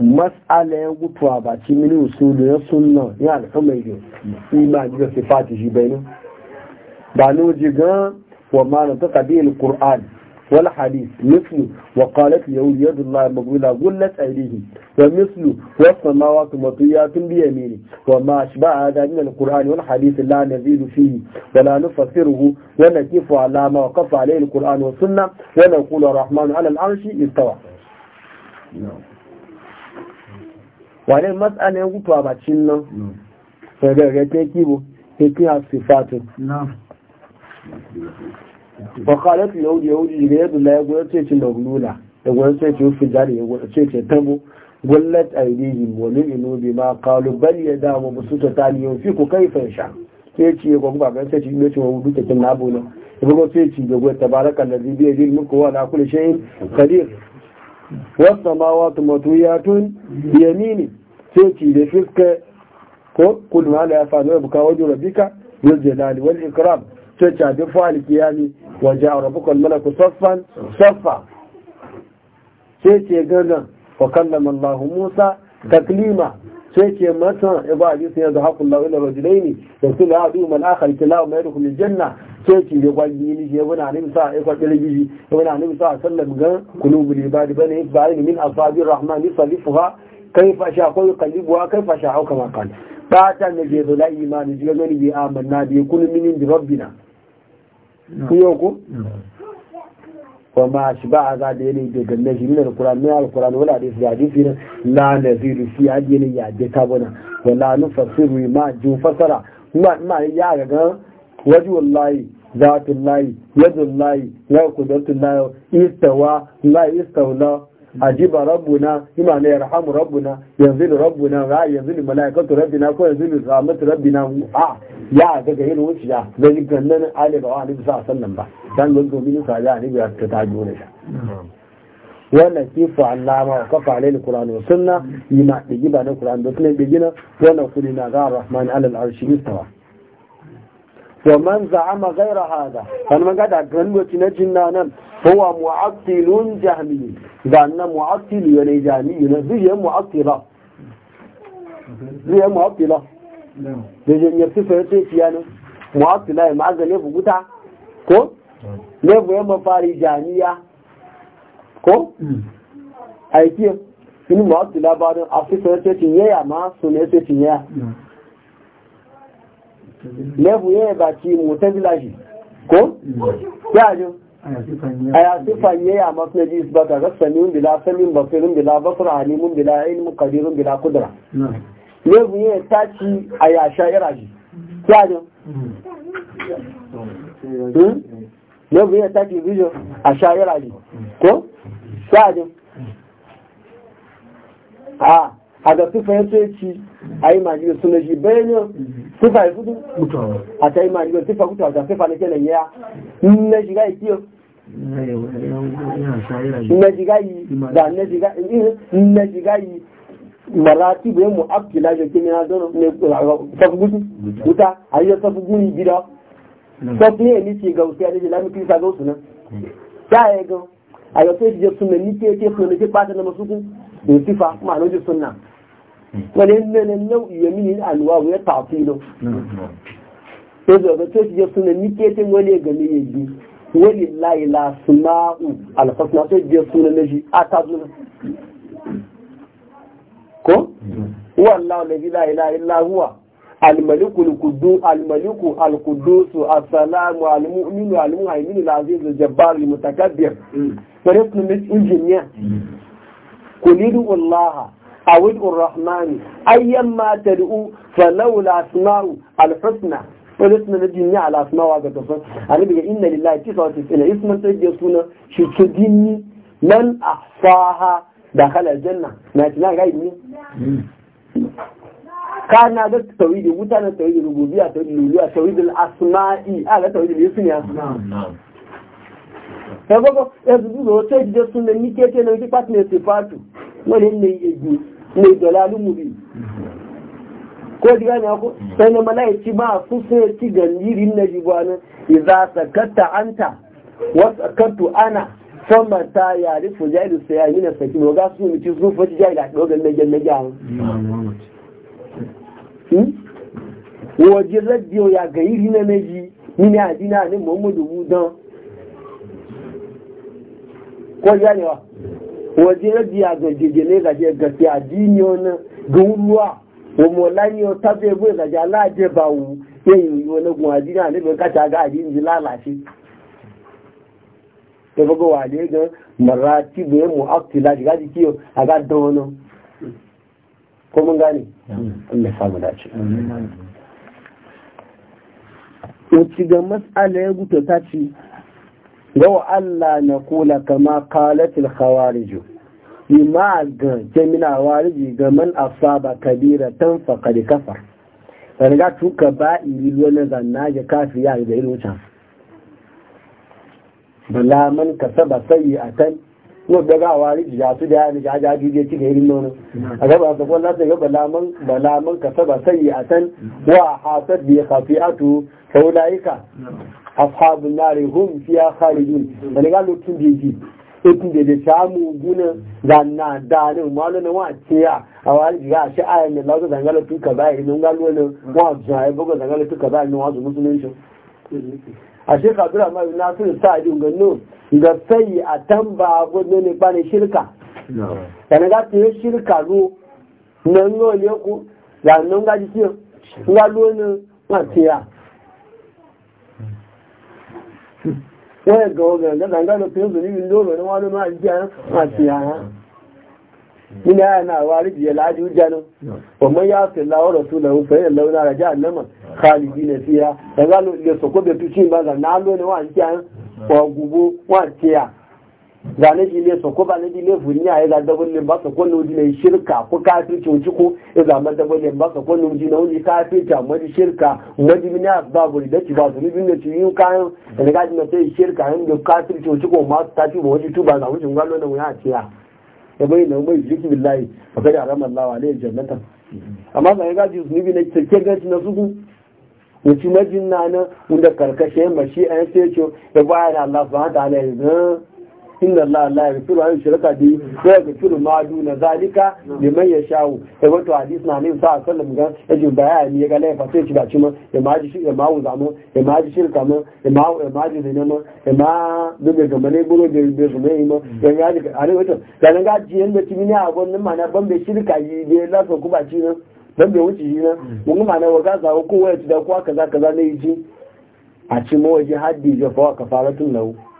mas'ala ya gutuwa ba ci mini usulu ya sunna ya al'umma yo ima ji da sifati shi bai ne ba no ji ga wa ma na ta kabi al qurani والحديث مثل وقالت اليهود يد الله مغلولة غلت أيديهم ومثل والسماوات مطيات بيمينه وما أشبع هذا من القرآن والحديث لا نزيد فيه ولا نفسره ونكيف على ما وقف عليه القرآن والسنة ونقول الرحمن على العرش استوى wàlẹ́ mọ́sánà ń kútù àbàtí náà ẹ̀rẹ̀ rẹ̀ tẹ́ kíbo ẹ̀kí àṣìfàtò náà bakalat yahudi yahudi ga yadda la ya gwada ce ce maglula da gwada ce ce jari ya gwada ce ce tabo gwallat aidihim wa lu'inu ma qalu bal yadahu mabsutata li yunfiqu kayfa sha ce ce ya gwagwa ga ce ce ne ci wudu ta kin nabo ne ya gwagwa ce ce ga gwada tabaraka allazi bi yadihi mulku wa ala kulli shay'in qadir was samawati tun bi yamini ce ce da fiska ko kul ma la yafa'alu bi ka wajhu rabbika bil jalali wal ikram ce ci da fa'al kiyami wajen rabukon malaku saffan saffa sai ce gana wa kallama Allah Musa taklima sai ce mata ibu hadisi yanzu haƙun la'ula rajulaini da su la haɗu man akhar kilawa mai rukun janna sai ce ya gwaji ni shi ya bana nabi sa ya kwaɗi rigiji ya bana nabi sa sallam ga ba ibadi bane ibadi min asabi rahman ni salifuha kaifa sha ko yuqallibuha kaifa sha fasha kama qala ba ta ne je da imani je gani bi amanna bi kullu min rabbina kuyoku wa ma shi ba a za da yanayi daga na shi minar alkuran na alkuran wala da ya ji fiye na ziru fi a yanayi ya je tabuna wala nu fasiru ma ju fasara ma ya gaga waji wallahi zatun layi yadda layi ya kudurtun layi istawa layi istawa ajiba rabbuna ima ne yarhamu rabbuna yanzilu rabbuna yanzu yanzilu malaikatu rabbina ko yanzilu rahmatu rabbina a ya daga yin wuciya da jikan nan ali ba wani bisa sannan ba dan mun gobi ni sa ya ni ya ta tajo ne sha wannan kifa allama wa kafa alaihi suna wa sunna ima ba na qur'an da sunna na wannan kulina ga rahman alal arshi istawa wa man za'ama ghayra hada kan man ga da ganwaci na jinna nan huwa mu'attilun jahmi da nan mu'attil ya ne jahmi ne zai mu'attila zai mu'attila da je ne sifa yace fiya ne mu'attila ya magale buguta ko ne bu ma fari jami'a ko aiki in mu'attila ba don a sifa yace tinya ma sun yace tinya lẹ́bù yẹ́ bà ti mú tẹ́bíláṣì kó yáàjú ayàtífà yẹ́ yà mafinaji isbata rassani ń bìlá sẹ́min basirin bìlá basura alimun bìlá ilmu kadirun bìlá kudura lẹ́bù yẹ́ táci ayàṣà irashi yáàjú lẹ́bù yẹ́ táci vision àṣà irashi kó yáàjú a àgbàtífà yẹ́ tó ayi maji suna shi bayanin mhm. sifa ya fudu a ta yi maji da sifa kuta wata sifa na kenan ya na shiga ikiyo na shiga yi da na shiga eh, na shiga yi marati bai mu abkila shi kimi na zono ne safi gudu wuta a yi safi guni gida safi ne ni ce ga wuta da shi lami kirisa ga wusu nan ta yi ga a yau sai shi suna ni ke ke suna ke ɓata na masu kun da sifa ma'anoji suna wani nau'i ya mini alwawu ya tafi nan ya zaga to shi ya suna miketin wani ya gani ya ji wani laila suna'u alfasna to ya suna na shi a ta zuna ko wallahu la ilaha illa illa huwa الملك القدوس الملك القدوس السلام المؤمن المهيمن العزيز الجبار المتكبر فرقم الانجنيا قل ادعوا الله awid urrahmani ayyan ma tad'u falawla asma'u alhusna ولسنا نجيني على أسماء وعقد الفن أنا بقى إن لله تسعة وتسعين اسما تجي سونا شو تديني من أحصاها دخل الجنة ما تنا غير مين كان هذا التوحيد وتنا التوحيد الربوبية التوحيد الألوهية التوحيد الأسماء هذا التوحيد الاسم يا نعم نعم ẹgbọ́gbọ́ ẹgbùgbùgbò tó ìdíjẹ́ súnmọ̀ ní kéèkéé náà wípé pàtàkì ìsìnfàtù wọ́n lè ní ègbè mai dalalin mubi ko ji gani ko sai na mala'ici ba su sai ci gandirin na jibana idza sakatta anta wa sakattu ana fama ta yari fujayi su ya yi, na saki no ga su mutu su fa jayi da dogon na janna jawo waje radio ya ga yiri na ji ni ne adina ne muhammadu budan ko ji ne wa waje ya biya ga gegele ga je gaskiya diniyo na ga ruwa wa molani o ta be bu ga je yi ne be ga ga aga dono ko mun gane Allah ya samu dace amin ci ga ta ci gawa Allah na kula kama kalatil khawariju ima ga jami'a wariji ga man asaba kabira tan faqad kafar riga tuka ba iri wani zanna ya kafi ya ga irin can bala man kasaba sayi'atan ko daga wariji ya su da ya ga ga duje ci ga irin nono a gaba da kwalla sai ga bala man bala man a tan wa hasad bi khafi'atu faulaika ashabun nari hum fiya kharijun wani ga lokacin da yake ikin da da samu guna zanna da ne malu na wa tiya a wani ga shi ayan da lazo zangala tu ka bai nan ga lona wa zai buga zangala tu ka bai nan wa musulunci a shi ka dura mai nasir sa'adi gannu ga sai a tamba gudu ne bane shirka yana ga tiye shirka ro nan ne ku zanna ga ji tiya ga lona wa tiya ga ẹ̀gàn ọ̀gàn gàgàgà ló pé obìnrin ní lóòrò ní wọ́n ló máa jẹ́ àti àhán nílẹ̀ àyà náà wà rídìí ẹ̀láàjú jánu ọmọ yá àtẹ̀lá ọ̀rọ̀ tó lẹ̀hún fẹ́rẹ̀ lẹ́wọ́n ara já àlẹ́mọ̀ káàlìbí nẹ̀ sí ya ẹ̀gá ló lè sọ̀kọ́ bẹ̀ tó ṣì ń bá gà náà lónìí wọ́n àti àhán ọ̀gbùgbó zane ji ne so ko ba ne ji ne funi ya da dabon ne ba so ko no ji ne shirka ko kafirci wuci ko ya zama dabon ne ba so ko no ji ne wuci ta amma ji shirka amma ji ne ba buri da ci ba su bin da ci yin kayan da ga ji ne sai shirka yin da kafirci wuci ko ma ta ci ba wuci tu ba za wuci ngalo na wuya ci ya e ya bai na mai jiki billahi fa kada aramar lawa ne jannatan amma ga ga ji su bi ne ke ga ci na su wuci majin na nan wanda karkashe mashi an sai ce ya bayan Allah subhanahu wa ta'ala yanzu inna Allah la yaghfiru an shirka bi wa yaghfiru ma duna zalika liman yashau sai wato hadisi na nabi sallallahu alaihi wasallam ga bayani sai ci ba ci ma ma ji ma wuza mu ma ji shirka mu ma ma ji mu ma ga mane su mu ga ji a ne wato ga ga ji yanda ci ne a gonnin ma na ban bai shirka yi la so ku ba ci dan mun ma na waga za waya ci da kaza kaza ne yi ji a ci mawaji haddi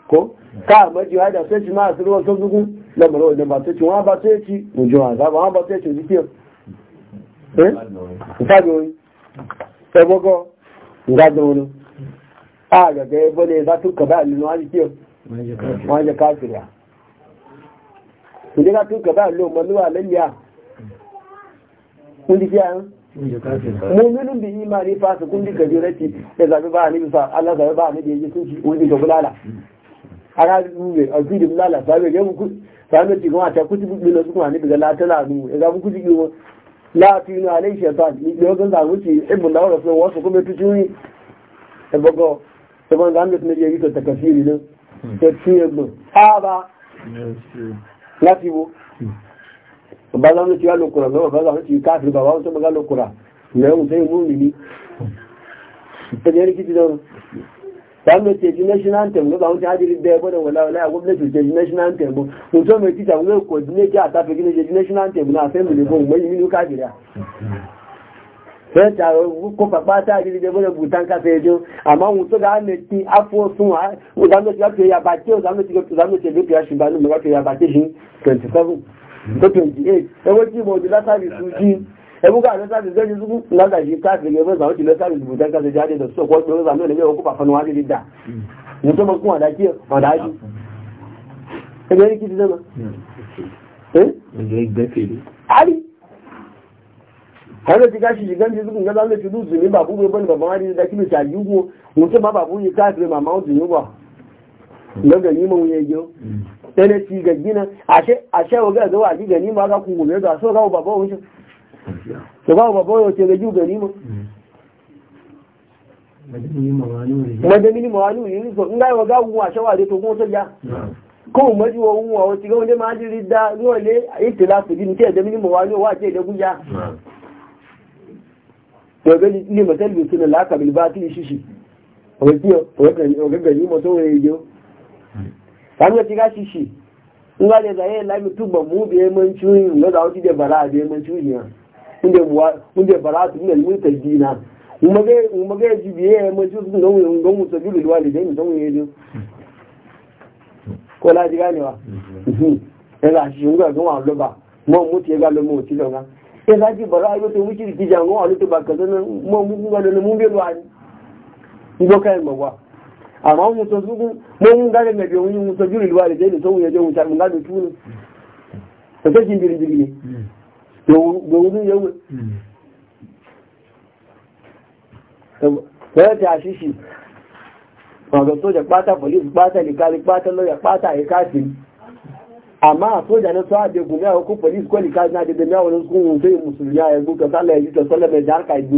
ko ka maji hada sai ci ma asirin wasu zugu lamarin wajen ba sai wa ba sai ci mujo a zaba wa ba sai ci jikin eh nkabi wani ebogo ngaji wani a gaga ebo ne za tu ka ba nuna wani kiyo wani kafiriya ndika tu ka ba lo manuwa lalliya kundi kiyayen eh? muminin bi imani fasa kundi gajirati ya zabi ba ni bisa Allah zabi ba ni da yake sun ci wani ga bulala ara nwe azuri mlala sabe ge muku sabe ti kuma ta kuti bi lo kuma ni nu e ga la ti na ale shaitan ni lo gan da wuci ibn lawa rasul wasu kuma tu juni e bogo to ban gan ne ye to takafiri ne to ti e gbo ha ba láti wo ba mu ti ga lokura ba ba ti ba ba ne mu mu ni ni ne ki ti ta mai ce national anthem ga zawon hajjiri da ya gwada wala wala ya gwamnati ce national anthem mutum mai tita ne coordinator a tafi gina national anthem na assembly ko mai minu kafira sai ta ko papa ta gidi da gwada butan kasa ya jin amma mutum ga hannun ti afo sun ha zanu ci gafi ya bace zanu ci gafi zanu ya ba ni shi 27 28 ebuga da sabi zai zugu na da shi kafin ne ban samu kilan sabi rubutan kasa jade da su ko ko zanu ne ko kuma fanuwa da da mutum ba kuma da ki ba da shi kaga yake da zama eh ali har da shi shigan jizugun ga zanu ki duzu ne babu bai bani baban hari da kilo ta yugo mutum ma babu yi kafin ma mawu yi ba ga gani mun yayo sai na ci gina ashe ashe wa ga zuwa ji gani ma ga kungume da so ga babu wucin to ba ba boyo ce da juga ni mu madani mawanu ni so ngai wa ga wa shawa de to ko soja ko maji wa wa wa ti ga wanda ma ji ridda ni wale ittilafu din ce da mini mawanu wa ce da guja to ga ni masalbi sunan laka bil batil shishi o ti o ga ga ni mo to we yo kan ga ti ga shishi ngai da ya la mi tuba mu be mun chuyin ga da wuti da bara be mun chuyin kunde buwa kunde baratu ne mulka dina umage umage jibiye mun ju sun don mun don mu sabilu liwali dai mu don yin ko la ji gane wa e la nga don wa lo ba mo mu ti ga lo mu ti lo ga e la ji bara ayo to mu ti ki jango alu ba ka na mo mu ga lo mu be lo ani kai mo wa amma mu to zugu mo mu ga ne be mu sabilu liwali dai mu don don ga do ta jin biri biri ne gbogbo yẹwò lọ́yọ́ tí a ṣíṣì ọ̀dọ̀ tó jẹ pátá pọ̀lísì pátá ìlìkárí pátá lọ́yọ̀ pátá ìkáàkì àmá àtọ́jà ní tó àdẹ̀kùn ní àwọn pọ̀lísì kọ́ ìlìkárí ní àdẹ̀dẹ̀ ní àwọn olóṣùn tó yẹ mùsùlùmí àyẹ̀gbùn kẹsàlẹ̀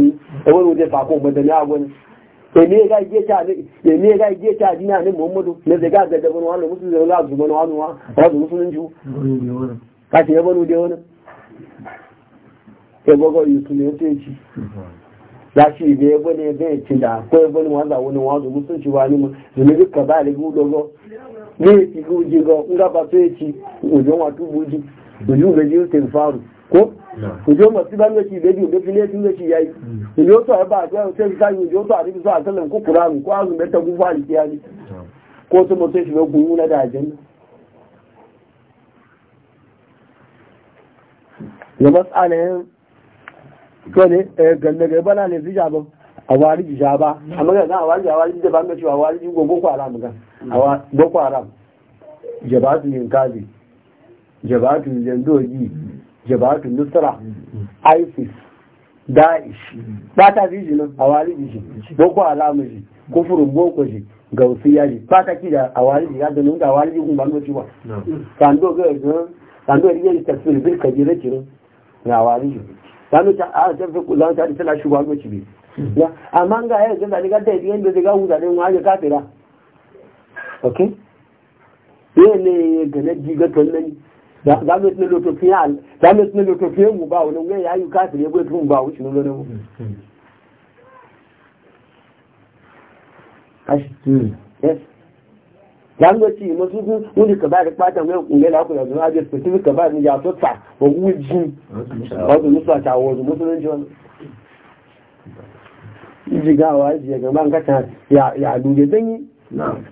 ìjútọ̀ egogo yusufu ya ci da ya bane bai ci da ko ya bane wanda wani wazo musun ci wani mu ba da gudo go ne guji go ci ujo tu ujo ga faru ko ujo ma ti ban ci da fili ci yayi ujo to ba ga ujo to ari so asalan ko azu ta gufa ni ko to shi da ajin ya gane eh, gandagai bana ne zija ba a wari zija ba a maga zan a wari a wari ba mai cewa wari jigo boko haram ga boko haram jabatu yinkazi jabatu zandoji jabatu nusra isis da'ish ba ta fi nan a wari jiji boko haram ji kufurin boko ga wasu ji ba ta ki da a wari jiji ya ganin ga wari jigun ban doci ba sando ga yanzu sando ya yi tafsir bil kabira kirin ga wari jiji zanu ta ah, a ta fi zanu ta tsala shi gwago ci bi ya amma ga ya zan da ga da biyan da ga huda ne wani kafira okay ne ne ga na jiga to nan za mu tsine lotofiyan za mu tsine lotofiyan mu ba wani wai yayi kafir ya tun ba wuce nan nan hmm, hmm. kashi hmm. yes langoci masu sun wuni ka ba da kwata mai kungai da kuma zuwa da specific ka ba ni ya so ta wa wuji wato musu ta wazo musulunci wani jigawa ji ga man ka ya ya duje danyi na'am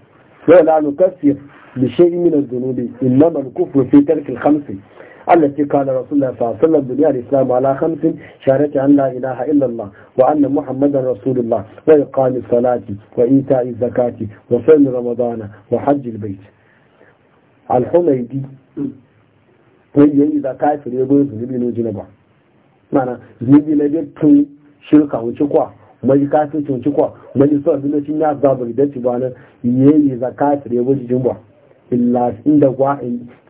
wala nukaffir bi shay'in min adh-dhunubi inma al-kufru fi tark التي قال رسول الله صلى الله عليه وسلم بني الإسلام على خمس شهادة أن لا إله إلا الله وأن محمدا رسول الله وإقام الصلاة وإيتاء الزكاة وصوم رمضان وحج البيت الحميدي yayi da kafir ya goyi su zubi noji na ba mana zubi na biyar shirka wuce kwa mai kafir tun ci kwa mai sa zubi cin ya zabar da ci ba da ya ba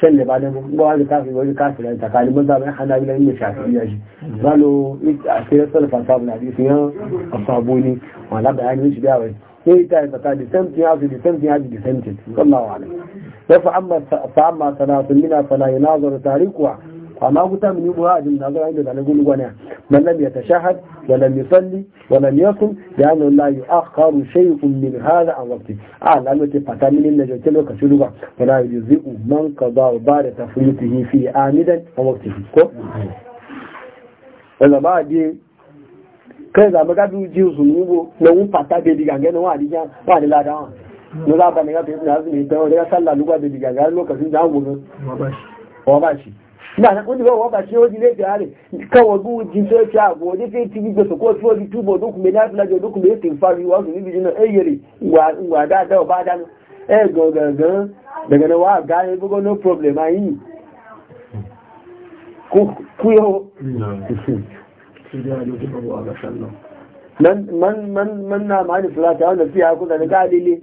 shan ne ba da gowa da kafin wani kafin da tsakanin maza mai hana bila inda shafi ya shi zalo a sai salafa sabu na hadisi yan asabo ne wala bayanin shi da wai sai ta yi tsaka disantin ya su disantin ya su disantin sallahu alaihi wasu amma sana'a sun mina sana'a yana zara tarikuwa amma guta muni buwa muhajin da ga inda da gulu gwana man lam yatashahad wa lam yusalli wa lam yasum ya anna la yu'akhkharu shay'un min hadha an waqti a la mutu fata min ne je ke lokaci ruwa wala yuzi'u man qada wa ba'da tafritihi fi amidan an waqti ko wala ba di kai da maga bi ji su mugo na un fata be di ga na wa di ja wa di la da no da ba ne ga be na azumi ta wa ga sallah lugwa be diga ga lokacin da an gugu wa ba shi na na kundi wọ́n bá ṣe ó di lẹ́gbẹ̀ẹ́ rẹ̀ káwọn bí wọ́n jí tó ṣe àgbò ọdí fi ti gbígbẹ̀ sọ́kọ́ tí ó di túbọ̀ dókùnmẹ́ láti lájọ dókùnmẹ́ ètò e wọ́n sì níbi jìnnà eyèrè ìwà dáadáa ọba dáná ẹ gọ̀gọ̀gán gẹ̀gẹ̀rẹ̀ wà gáyé gbogbo no problem ayé kú yóò man na ma ni fulata wanda fi ya kusa ni ga lele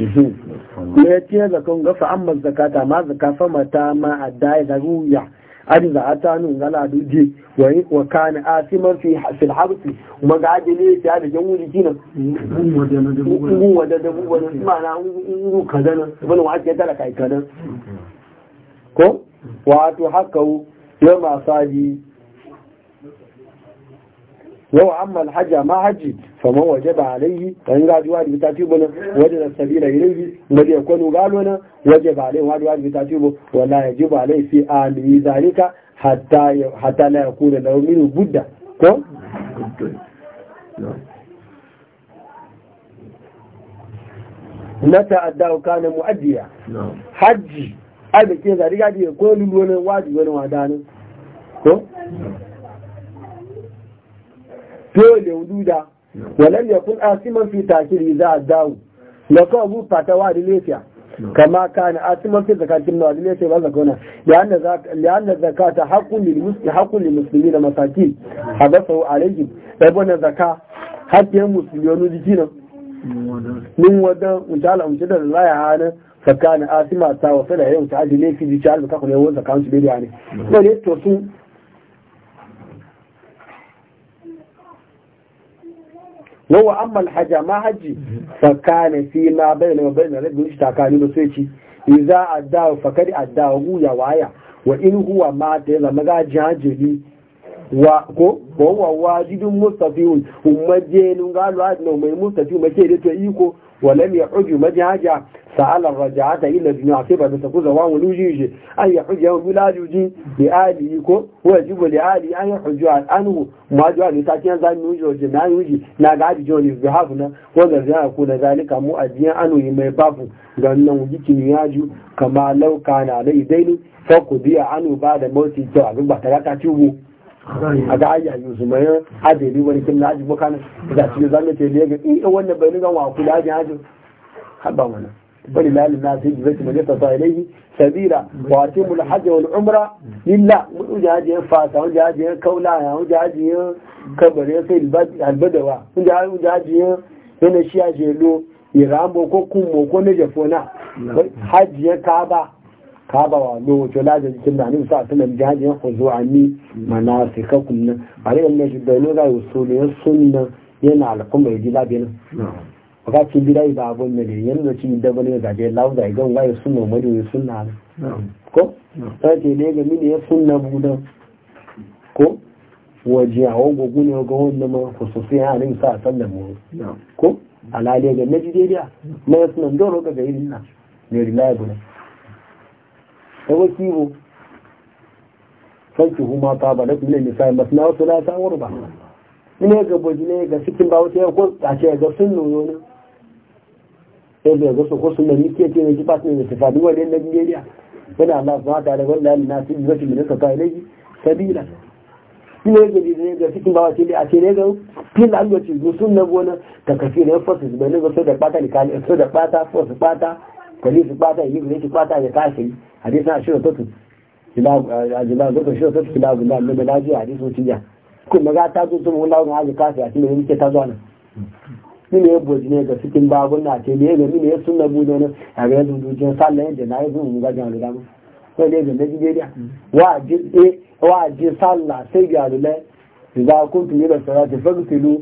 ne mhm. ya ce zakon gafa an ma zakata ma zakafa mata ma a daya da ruya adi za a ta gala duje wa kana asiman fi fil habsi kuma ga adi ne ya da jan wuri kinan ngun wada da buwa da mana ngun kadana wani wa ake tara kai kadan ko wato haka yau ma sadi yau amma alhaja ma hajji fama waje ba alaihi ɗan gaji wa dubita tubo na waje da sabila irinji gaji ya kwanu galo na waje ba alaihi wadu wa dubita tubo wala ya ji ba alaihi fi alihi zalika hatta na ya kuna na minu buddha ko? na ta'adda ka na mu'ajiya hajji aibike zari gaji ya kwanu wani wadu wani wada ne ko? Dole hududa walam yakun asiman fi takiri za a dawo na kawo bu fatawa da lafiya kama kana asiman fi zakatin na da lafiya ba zakona li'anna zakata haqqun lil muslimin haqqun lil muslimin masakin habasu alayhi ibn zaka hakkin musulmiyonu dikinan min wadan mutala mutala la ya hana fakana asima ta wasa da yau ta ajile fi dikinan ka kuma yawan zakan su bai da ne wa amma alhaja ma haji fa kana fi ma bayna wa bayna rabbi shi takani da sai ci idza adda fa kadi adda hu ya waya wa in huwa ma ta zama ga jajiri wa ko wa wajidun mustafiyun umma jenun ga alwa mai mustafi mace da to iko ولم يحج مجهجا سأل الرجعة إلا ابن عقبة تقول زوان ولوجيجي أن يحج يوم لا يجي لآليكم ويجب لآلي أن يحج عنه ما جاء لتاكين ذان يوجي وجمع يوجي نقعد جون بحافنا وذا يكون ذلك مؤديا عنه يما يبافو لأنه يجيك نياجو كما لو كان عليه دين فقضي عنه بعد موت الجوع لبا تلاتا تشوفوا a ga ayya su mai adiri wani kim na ajibu kanin da su yi zama ke ga in wannan bai nugan wa kula ajin ajin haɓa wani bari lalin na zai jizai mai nesa sa ilaihi sabira wa ce mu hajji wani umra lilla mun jaji yan fata mun jaji kaula ya mu jaji yan kabari yan sai albadawa mun jaji yan yana shiya lo irambo ko kumbo ko na jafona hajji ya kaba ka ba wa lo to la da jikin nan sa ya jajin khuzu ni manasikakum nan bare wannan shi da lo ga ya sunna yana al'umma ya ji labirin ka ci bi dai ba abun ne da ci da bane ga je lawo da ga wai sunna madu sunna ko sai ce ne ga mini ya sunna budan ko waje a wango gune ga wannan ma khususi ya ne sa sallan mu ko alale ga naji dai da mai sunan dole ga irin na ne reliable yawa kiwo sarki huma ta ba da kuma misali ba suna wasu na ta ba, ina ga boji ne ga cikin ba wata ko a ce ga sun noyo ne sai da ga su ko sun da nike ce ne ki fatin da tafadi wa ne Nigeria yana Allah subhanahu da ta'ala wallahi na fi zaki min sa ta ilahi sabila ina ga bi ne ga cikin ba wata ne a ce ne ga da Allah sun na gona ta kafi ne ga da bata kali da bata su bata bata hadisa a shirin tattu ajibagoto shirin tattu ki babu nan lobe laji a hadisun kuma maga ta zo tun wani launin haji kafi a cikin yake ta zuwa nan mine ya boji ne ga cikin babun na ce ne ga mine ya sunna bude wani a ga yanzu sallan yadda na yi zuwa ga jan rida ne ga na eh, wa ji sallah sai ga lulai za ku tuni da sara ta fagu tilu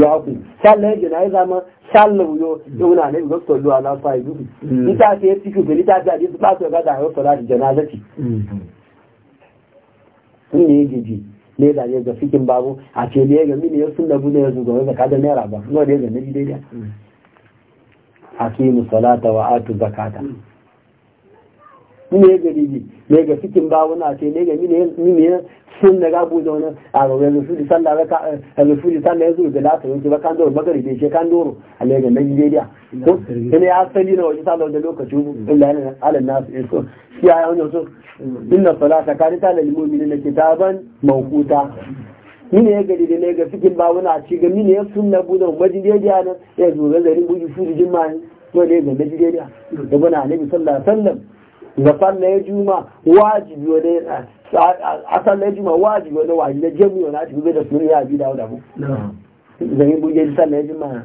ya ku sallan jana'iza ma sallan yo yana ne ga sallu ala faidu ita ce ya cikin gani ta da su ba su ga da yau sara da janazati sun ne gidi ne da ne ga fikin babu a ce ne ga mini ya sunna bu ne ya zuga wanda ka da naira ba kuma ne ga nabi daidai a ce musalata wa atu zakata mine ya garibi ne ga cikin ba bawuna ce ne ga mine mine sun na gabu da wani a ga rufu da sallah raka rufu eh, eh, da sallah yazo da lata yanzu ba kan doro magaribi ce kan doro a ne ga nan gidediya ko ne ya sani na wajen sallah da lokaci illa yana alin nasu in eh, so shi ya yawon yanzu inna salata kanita lil na kitaban mawquta mine ya gari da ne ga cikin wani ce ga mine ya sun na budan wajen gidediya nan ya zo ga zari buji su jimani ko ne ga gidediya da bana annabi sallallahu alaihi wasallam da sallar juma wajibi a juma wajibi wani wajibi na jami'a na da ya bi dawo da mu yi juma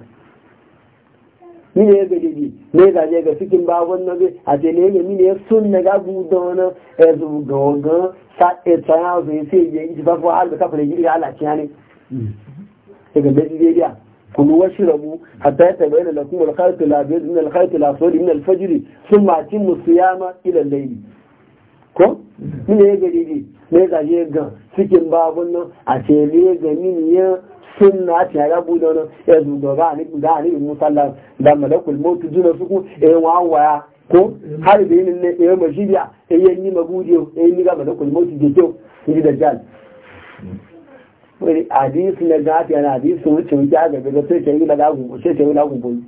ni ne ya ga didi e e e ne mm. ga cikin babon na a ce ne ga mini ya ga buda wani ya zubu ga sa ya tsaya sai ya yi ba da kafa da gidi ga ne daga dadi dai kulu washrabu hatta yatabayyana lakum al-khayt al-abyad min al-khayt al-aswad min al-fajr thumma atimmu siyama ila al-layl ko ne ga dide ne ga ye ga cikin babun nan a ce ne ga min ya sunna ta rabu da nan ya zu da ga ni ga ni musalla da malakul mautu juna suku e wa waya ko har da yin ne e majidiya e yin ni magudiyo e ni ga malakul mautu je je ni da jal hadisi na gafi yana hadisi wuce wuce a gaba da sai shayi daga gugu sai shayi daga gugu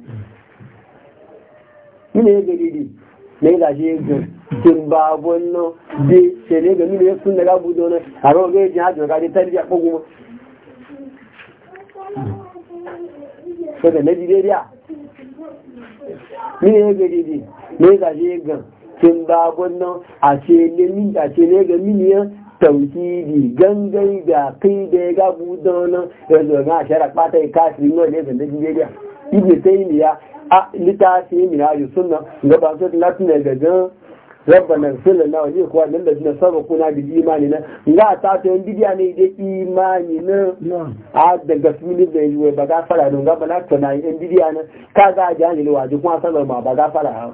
mine ne na yi lashe kin ba wannan bi shele ga mine sun daga gugu ne a rawar gari jin ga ta riya ko kin ba a ga mine tauhidi gangai ga kai da ya gabu da wani yanzu ga shara kwata ya kashi yin wani yanzu da jiriya ibe sai ne ya a litafi yi mina yi suna ga ba su na tuna ga rabba na sula na wani kuwa nan da suna saba kuna bi imani na nga ta ta yan bidiya ne da imani na a da fili da yi wai ba ga fara don ga ba na yi yan bidiya na ka ga jani ne waje kuma sanar ma ba ga fara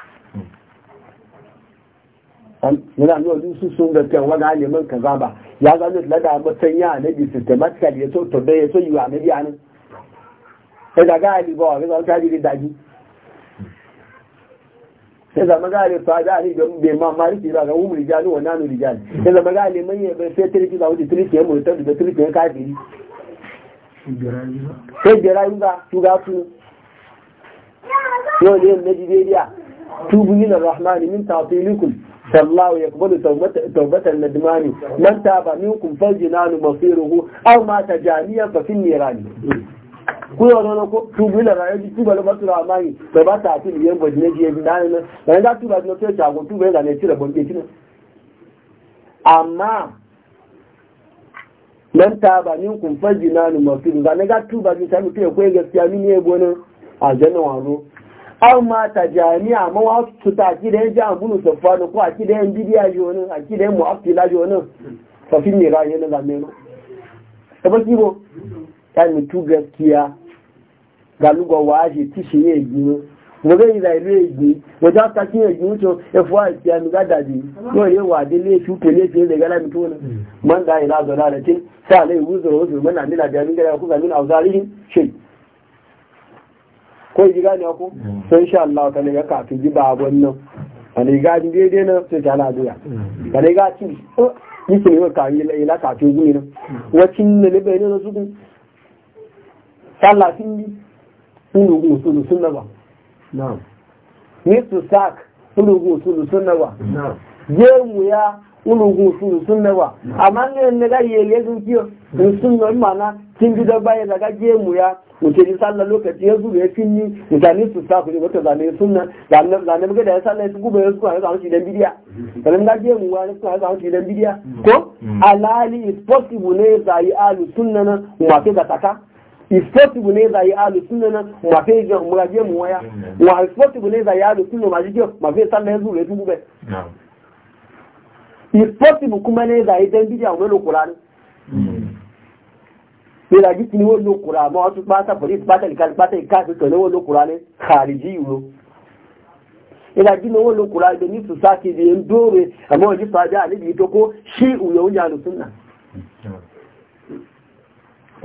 yana nuna dusu sun ga kan wani alimin kaza ba ya zama da da mutan ya nabi systematically ya so to da ya so yi wa nabi anan sai da gali ba wani zama tajiri daji sai zama gali fa da ni da bai ma mari ki ba ga umar jali wa nanu rijal sai zama gali mun ya bai sai tirki da wuce tirki ya murta da tirki ya kafiri sai da rayuwa su ga su yau ne na jidediya tubu yin rahmani min likul. فالله يقبل توبة الندمان من تاب منكم فالجنان مصيره أو مات جانيا ففي النيران kuna wani wani tubu ra rayuwa tuba da masu amani da ba ta fi biyan bajine jiye bi na yana da yana tuba da sai shago tuba yana ne cire bonke cire amma nan ta ba ni kun faji na ni masu da na ga tuba da ta mutu ya kwaye gaskiya ni ne gona a jana har mata jami'a mawa su ta kidan jami'a bunu safano ko a kidan bidiya jonin a kidan mu'affila jonin fafin ne rayu na zamenu ma. ba kibo ta mutu gaskiya ga lugwa waje tishi ne gini yi zai ra ìlú ègbé mo já ta kí ègbé ń gada ẹfọ Yau yi gádàdì yóò yé wà dé lé ṣú pèlé ṣe lè gálàmì tó nà mọ́ ń da ìlà àzọ̀lá rẹ̀ tí sáà lè wúzọ̀ oṣù mọ́nà nílàdí àmì gẹ́gẹ́ kúkà nínú àwùjọ àríyìn ko ji gane ku to mm. insha Allah ka ne ga ka ji ba wannan ani ga ji dai na to ta la duya mm. ka ne ga ci yake uh, ne ka yi la ila ka ci gumi mm. na wacin ne ne bai ne su ku sallah sun yi sun rugu sun sunna ba na'am ne su sak sun rugu sun sunna ba na'am ya ulugun sun sunna ba amma ne ne ga yele sun kiyo sun sunna mana tin bi da baya daga je mu ya mutum ji sallah lokaci ya zuwa ya finni mutane su sa kuɗi wata zane sunna zane muka da ya sallah su guba ya zuwa ya samu shi dan bidiya sanin da je mu ya zuwa ya samu shi bidiya ko mm. alali is possible ne za yi alu sunna na wa ke da taka is possible ne za yi alu sunna na wa ke ga mu ga je mu waya wa mm. is possible ne za yi alu sunna ma ji ma ke sallah ya zuwa ya guba ìfọ́sìbù kúmọ́ ní ìzà ìdẹ́ bídí àwọn olókùnrin ní ìrìnàjí tí ni wọ́n lókùnrin àmọ́ ọdún pátá pẹ̀lú ìpátá ìkàlùpátá ìkàtùtù ní wọ́n lókùnrin ní kàrìjì ìwò ìrìnàjí ni wọ́n lókùnrin ní ní sùsáàkì ní ndóòrè àmọ́ òjì fàájá àníbi ìtókó sí ìwò oúnjẹ àlùsùnà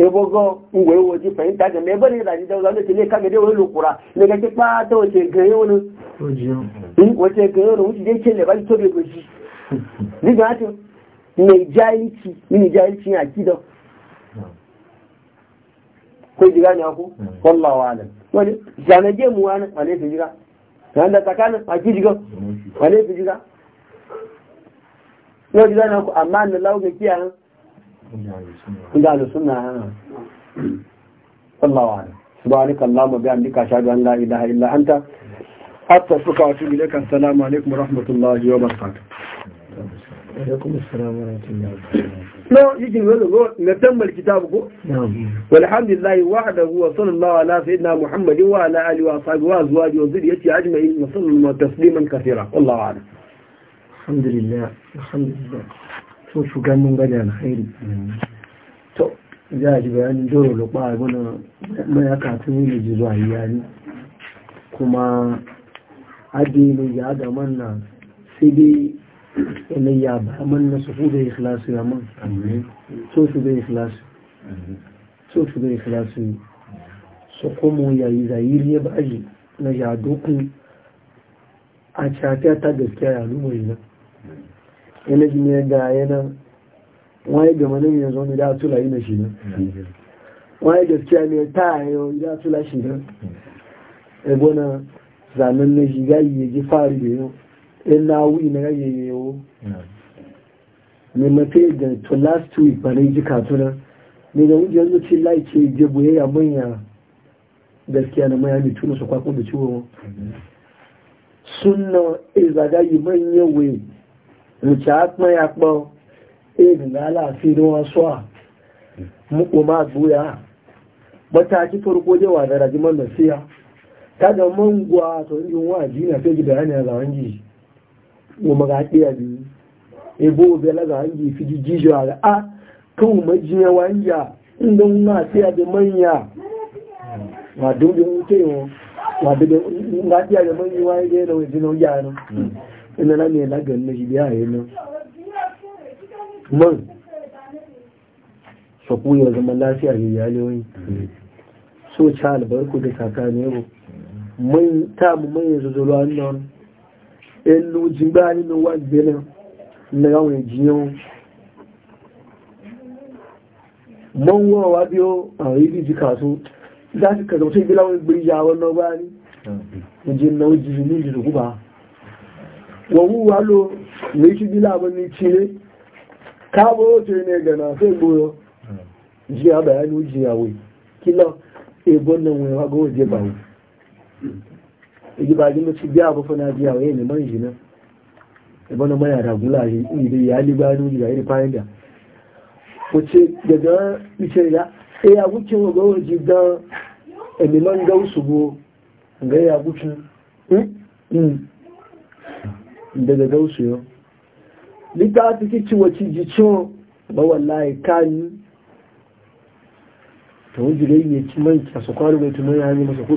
ebogo ngwe woji fahimta ga mebe ne zaji da zaune ne kaga dai wani lokura ne ga ki fata wace gare wani wace gare wani wuce dai ke ne ba ki tobe goshi nígbà tó nàìjíríìtì ní nàìjíríìtì yà kí dán kó jìgá ní ọkú kọlọ̀wà rẹ̀ wọ́n ìṣànàjẹ́ mú wọn wà ní èfè jìgá ìrànlẹ̀ takanà àti jìgá ní èfè wọ́n jìgá ní ọkú àmà ní láwùgbé kí àrùn ìgbà lùsùn náà السلام عليكم ورحمه الله وبركاته no yijin wani go na kitab go. ko walhamdulillahi wahdahu wa sallallahu ala sayyidina muhammadin wa ala alihi wa sahbihi wa azwajihi wa dhurriyyati ajma'in wa sallallahu tasliman kathira wallahu a'lam alhamdulillah alhamdulillah so shugan mun gada na khairi to za a ji bayanin doro lokwa abuna mai aka tuni ni ji zuwa iyali kuma adini ya da manna sai dai eléyà àmọ́nà sọ da bẹ́ẹ̀ ìkìláṣì àmọ́ tó fi da ìkìláṣì tó fi da ìkìláṣì sọ kó mọ yayi zayiri ya báyìí na ya dokun a shafi ta gaskiya ya lumo yi nan yanayi ne ga yana waye gama nan yanzu wani da tula yi na shi nan waye gaskiya ne ta da tula shi nan na zanen na shi yi ya ji fari da yau ɗinawu ina yayin ne maimaka da to last week ba na yi jika tunan ne da wujen yanzu ce lai ce je ya manya gaskiya na mayami tuno su kwakon da ciwo sun na izaga e yi manya wai rike atma ya kpa e da na lafi na wasu a muku ma zuya bata ki farko da wa da rajiman da siya ta da mangwa to yin waji na fi gidan ya zawon gishi wọ́n máa pé àbí ebó obì alágbàáyé ìfìdí jíjọ ààrẹ á kan wọ́n máa jíyàn wá ń yà ń lọ máa sí yi wa wà dóbi ń tẹ́ wọn wà dóbi ń gá sí àbẹ mọ́yà wá ń yẹ́ lọ ìdínà yà rẹ̀ iná lámì ẹ̀lágàn ní ibi zama lafiya ne ya lewayi so ca albarku da tsakanin yau mai ta mu mun yanzu zuwa nan ẹlú jìgbá nínú wà gbẹ̀lẹ̀ lẹ́gbàwọn ìjìyàn mọ́ wọ́n wá bí ó àwọn ilé ìjì kàtó láti kẹ̀tọ̀ tó ìgbéláwọn ìgbé ìyà wọn náà bá ní ìjì náà jì ní ìjì kúpa wọ́n wú wá ló méjì ìgbàgbé ló ti gbé àbúfọ́ náà bí àwọn èèyàn mọ́ ìjìnà ìbọn ọmọ yàrá gúnlá ìdè wace lígbà ní ìgbà ìrì pàrẹ́dà kò ṣe gẹ̀gẹ́ iṣẹ́ ìyá ṣe àgúkín ọgọ́ òjì gan ẹ̀mí lọ́n gẹ́ òṣùgbò ǹgẹ́ àgúkín ǹdẹ̀gẹ̀gẹ́ òṣùyọ́ nípa ti kí tí wọ́n ti jì tún lọ́wọ́ láì káyí tòun jùlọ ìyẹ̀ tí mọ́ ìtàsọ̀kọ́ àrùgbẹ̀ tí mọ́ ìyá ní mọ́sọ̀kọ́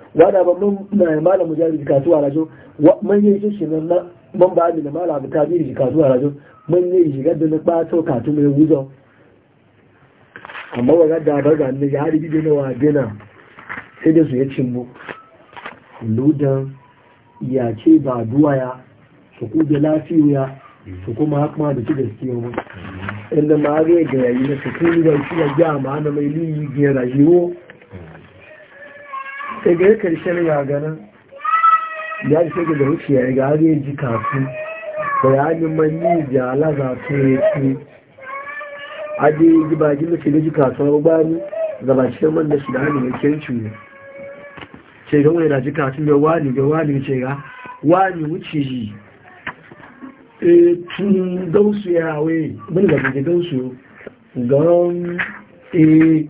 wada ba mun na malam mujahid kasuwa rajo mun yi shi nan mun ba ni malam abu ji kasuwa rajo mun yi shi da na bato katu mai wuzo amma wa da ba ga ni ya bi ne wa dena sai da su ya cin mu ludan ya ce ba ya su ku da lafiya su kuma hakma da ci gaskiya mu inda ma ga yayi na su ku da shi ya ga ma na mai liyi ga rayuwa sai ga karshen gagarin ya ce ga wuce ya ga ya ji kafu bayanin manyi da alaza to ya ce ade ji ba ji mace gaji da shi da hannun ya kirci ne ce ga wani da ji kasu da wani da wani ce ga wani wuce e tun ya hawe bin da gaji gausu e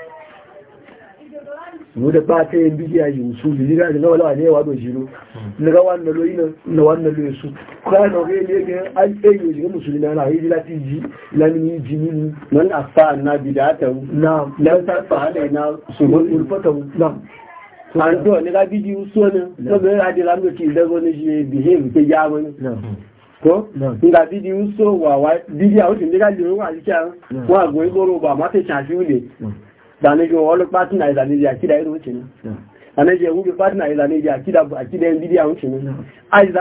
mu da ba ta yin bidiya yi usu da jira da ne wa do jiro na ga wannan loyi na wannan loyi su ka na ga ne ga an tsaye ga musulmi na yi lati ji lan yi ji ni nan afa na bidata na lan ta fa da na su ulfata na an do ne ga bidi wusu ne to ga adi lam ki da go ne bi behave ke ya wani ko nga bidi wusu wa wa bidi a o ne ga le wa ji ka wa go igoro ba ma te cha fi danaje wani partner ya zane ya kida irin wuce ne danaje ya gube partner ya zane ya kida a kida yan bidiya wuce ne a yi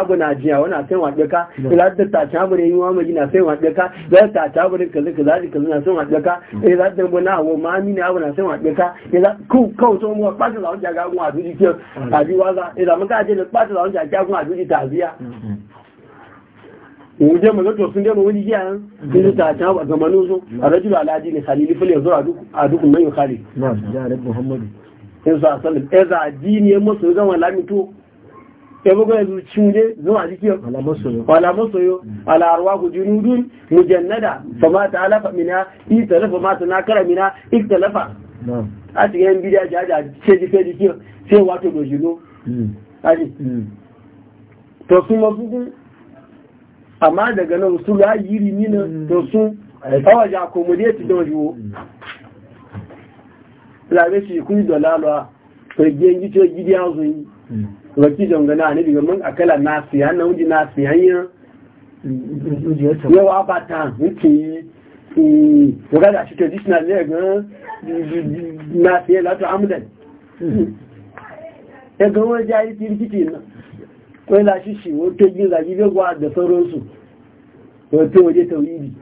abu na jiya wani sai wa ɗaka ya zaɗa tace abu ne yi wa magina sai wa ɗaka zaɗa tace abu ne kaza kaza ji kaza sai wa e za zaɗa na hawa ma amini abu na sai wa ɗaka ko zaɗa kawo tsohon wa ɓata zaun jaga gun a duji a biyu waza ya zama ka ce da ɓata zaun jaga gun a duji ta biya wuje mu zato sun dena wani giya sun ji ta a zamanin su a rajul aladi ne khalili fil yanzu a dukkan nan khalil na'am ya rabbi muhammadu in sa sallam e za dini ya musu zama lamito e buga yanzu cinje zuwa jiki ala masoyo ala masoyo ala arwahu junudun mujannada fa ma ta'alafa mina italafa ma tanakara mina iktalafa na'am a cikin bidiya jaja ce ji fe jiki sai wato dojino hmm. aji hmm. to su masu amma daga nan su ya yi rini na mm. to su eh, kawai ya accommodate don yiwu labe shi kun dalala fage gice gidi ya zo yi zaki mm. jangana ne daga mun akala nasi ya nan na nasi hanya yawa ba ta nke yi waga da shi traditional ne ga na nasi ya lati amudan mm. ya ga wani jayi tirkiti na. kwai lashi shi wato yin zagi gagwa da sauransu wato waje tauridi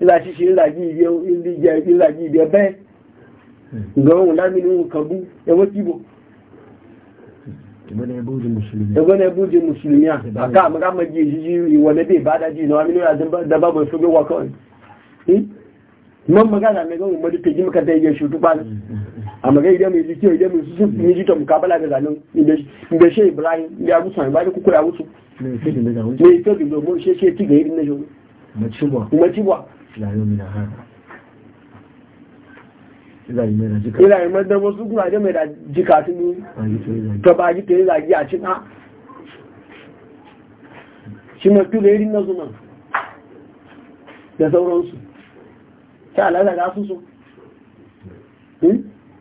lashi shi zagi biyu zagi bai ga wani laminin kabu ya waki bo ẹgbọ́n ẹbú jẹ musulmi à àká àmàkàmà jí ìṣíṣí ìwọ̀lẹ́dẹ̀ ìbádájí ìnáwà nínú àdábàbọ̀ ìṣógbé wakọ̀ rí mọ́ mọ́gádà mẹ́gbọ́n mọ́dé ta yi ìyẹ̀ṣù tó pàdé àmọ̀gẹ́ ìdẹ́mù ìlú tí ìdẹ́mù ìsúsù ní jíjọ mùkábálà gẹ̀gà ní ìgbẹ̀ṣẹ́ ìbìláyìn ní agúsàn ìbájú kúkúrẹ́ agúsù ní ìfẹ́gbẹ̀ ìgbẹ̀mọ́ ṣe ṣe tí gẹ̀ẹ́rí ní ṣorí mọ̀tíwà ìlàrí mẹ́dẹ́gbọ́ súnkún àjẹ́mẹ́dà jíkà tí ní tọba ajíkẹ́ ìlàjí àti náà ṣe mọ̀ tí lè irin na zuma da sauransu ta alága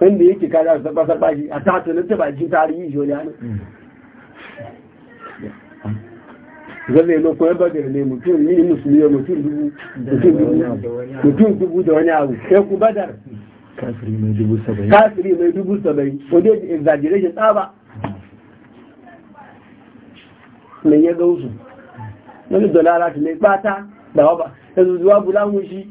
wanda yake kada a saba saba shi a tattalin ta bakin tarihi shi wani hannun zai yi lokacin badar ne mutum yi musulmi mutum dubu mutum dubu da wani abu ya ku badar kafiri mai dubu saba'in mai dubu saba'in wadda ya exaggerate ya tsaba mai ya gausu wani dalala hmm, ta mai bata da waba ya zuwa bulamun shi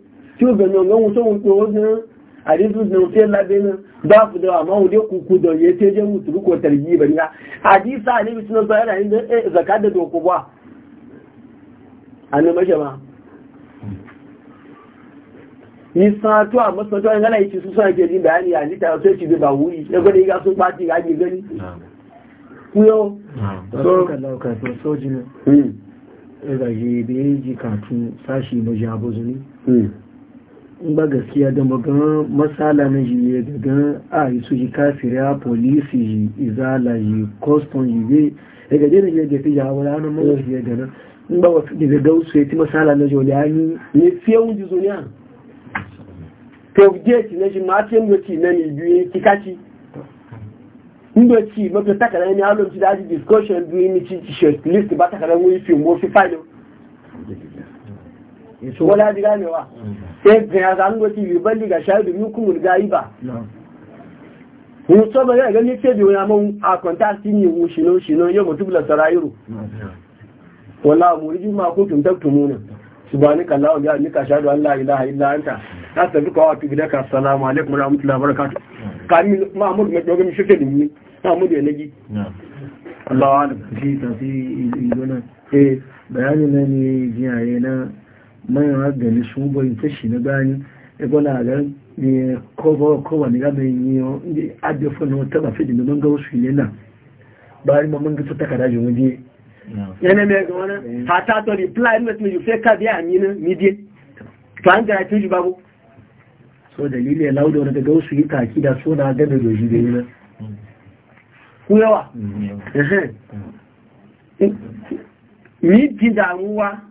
tí ó bẹ̀rẹ̀ ọ̀gá ohun tó ń pè ó náà àdíjú ní òfin lábẹ́ náà dáàfù dẹ̀ àmọ́ òun dé kùkù dọ̀yẹ tí ó jẹ́ mùtùrú kò yìí bẹ̀rẹ̀ náà àdísà níbi tí ó sọ hmm. ẹgbà yìí bí èjì kàtún sáṣì ìmọ̀jẹ̀ àbózùní ba gaskiya da magan masala na ji ya gagan a yi su ji kafiriya polisi ji izala ji custom ji be ya gaje na ji fi ya wala hannun mawa ji ya gana in ba wasu daga gausu ya ti matsala na joli ya yi ne fiye wun ji zoniya taugeti na ji mati yin doci na ne biyu kikaci in doci mafi takarar ne halon ci da aji discussion biyu ni ci short list ba takarar wani fi mo fi filo wala ji ganewa mm. sai ga ya zanu wati bi balli ga shaidu yi kumul gaiba ba. so ba ga gani ce bi wani mun a contact ni hu shino shino yo da sarairu wala su ma kuntum taktumuna subhanaka allahumma bi annika shahadu an la ilaha illa anta astaghfiruka wa atubu ilaik assalamu alaikum wa rahmatullahi wa barakatuh kamin mahmud mai dogon shirke da ni mahmud ya nagi Allah wa alam shi eh bayani na ne jiyaye na manyan gani sun boyin fashi na gani ebola ga ne kowa kowa ne gaba yin yi adiofo na wata mafi da mun ga wasu ile nan ba ni mun ga tuta kada jin waje ne ka biya babu wani kaki da so na gane doji da yi nan ku yawa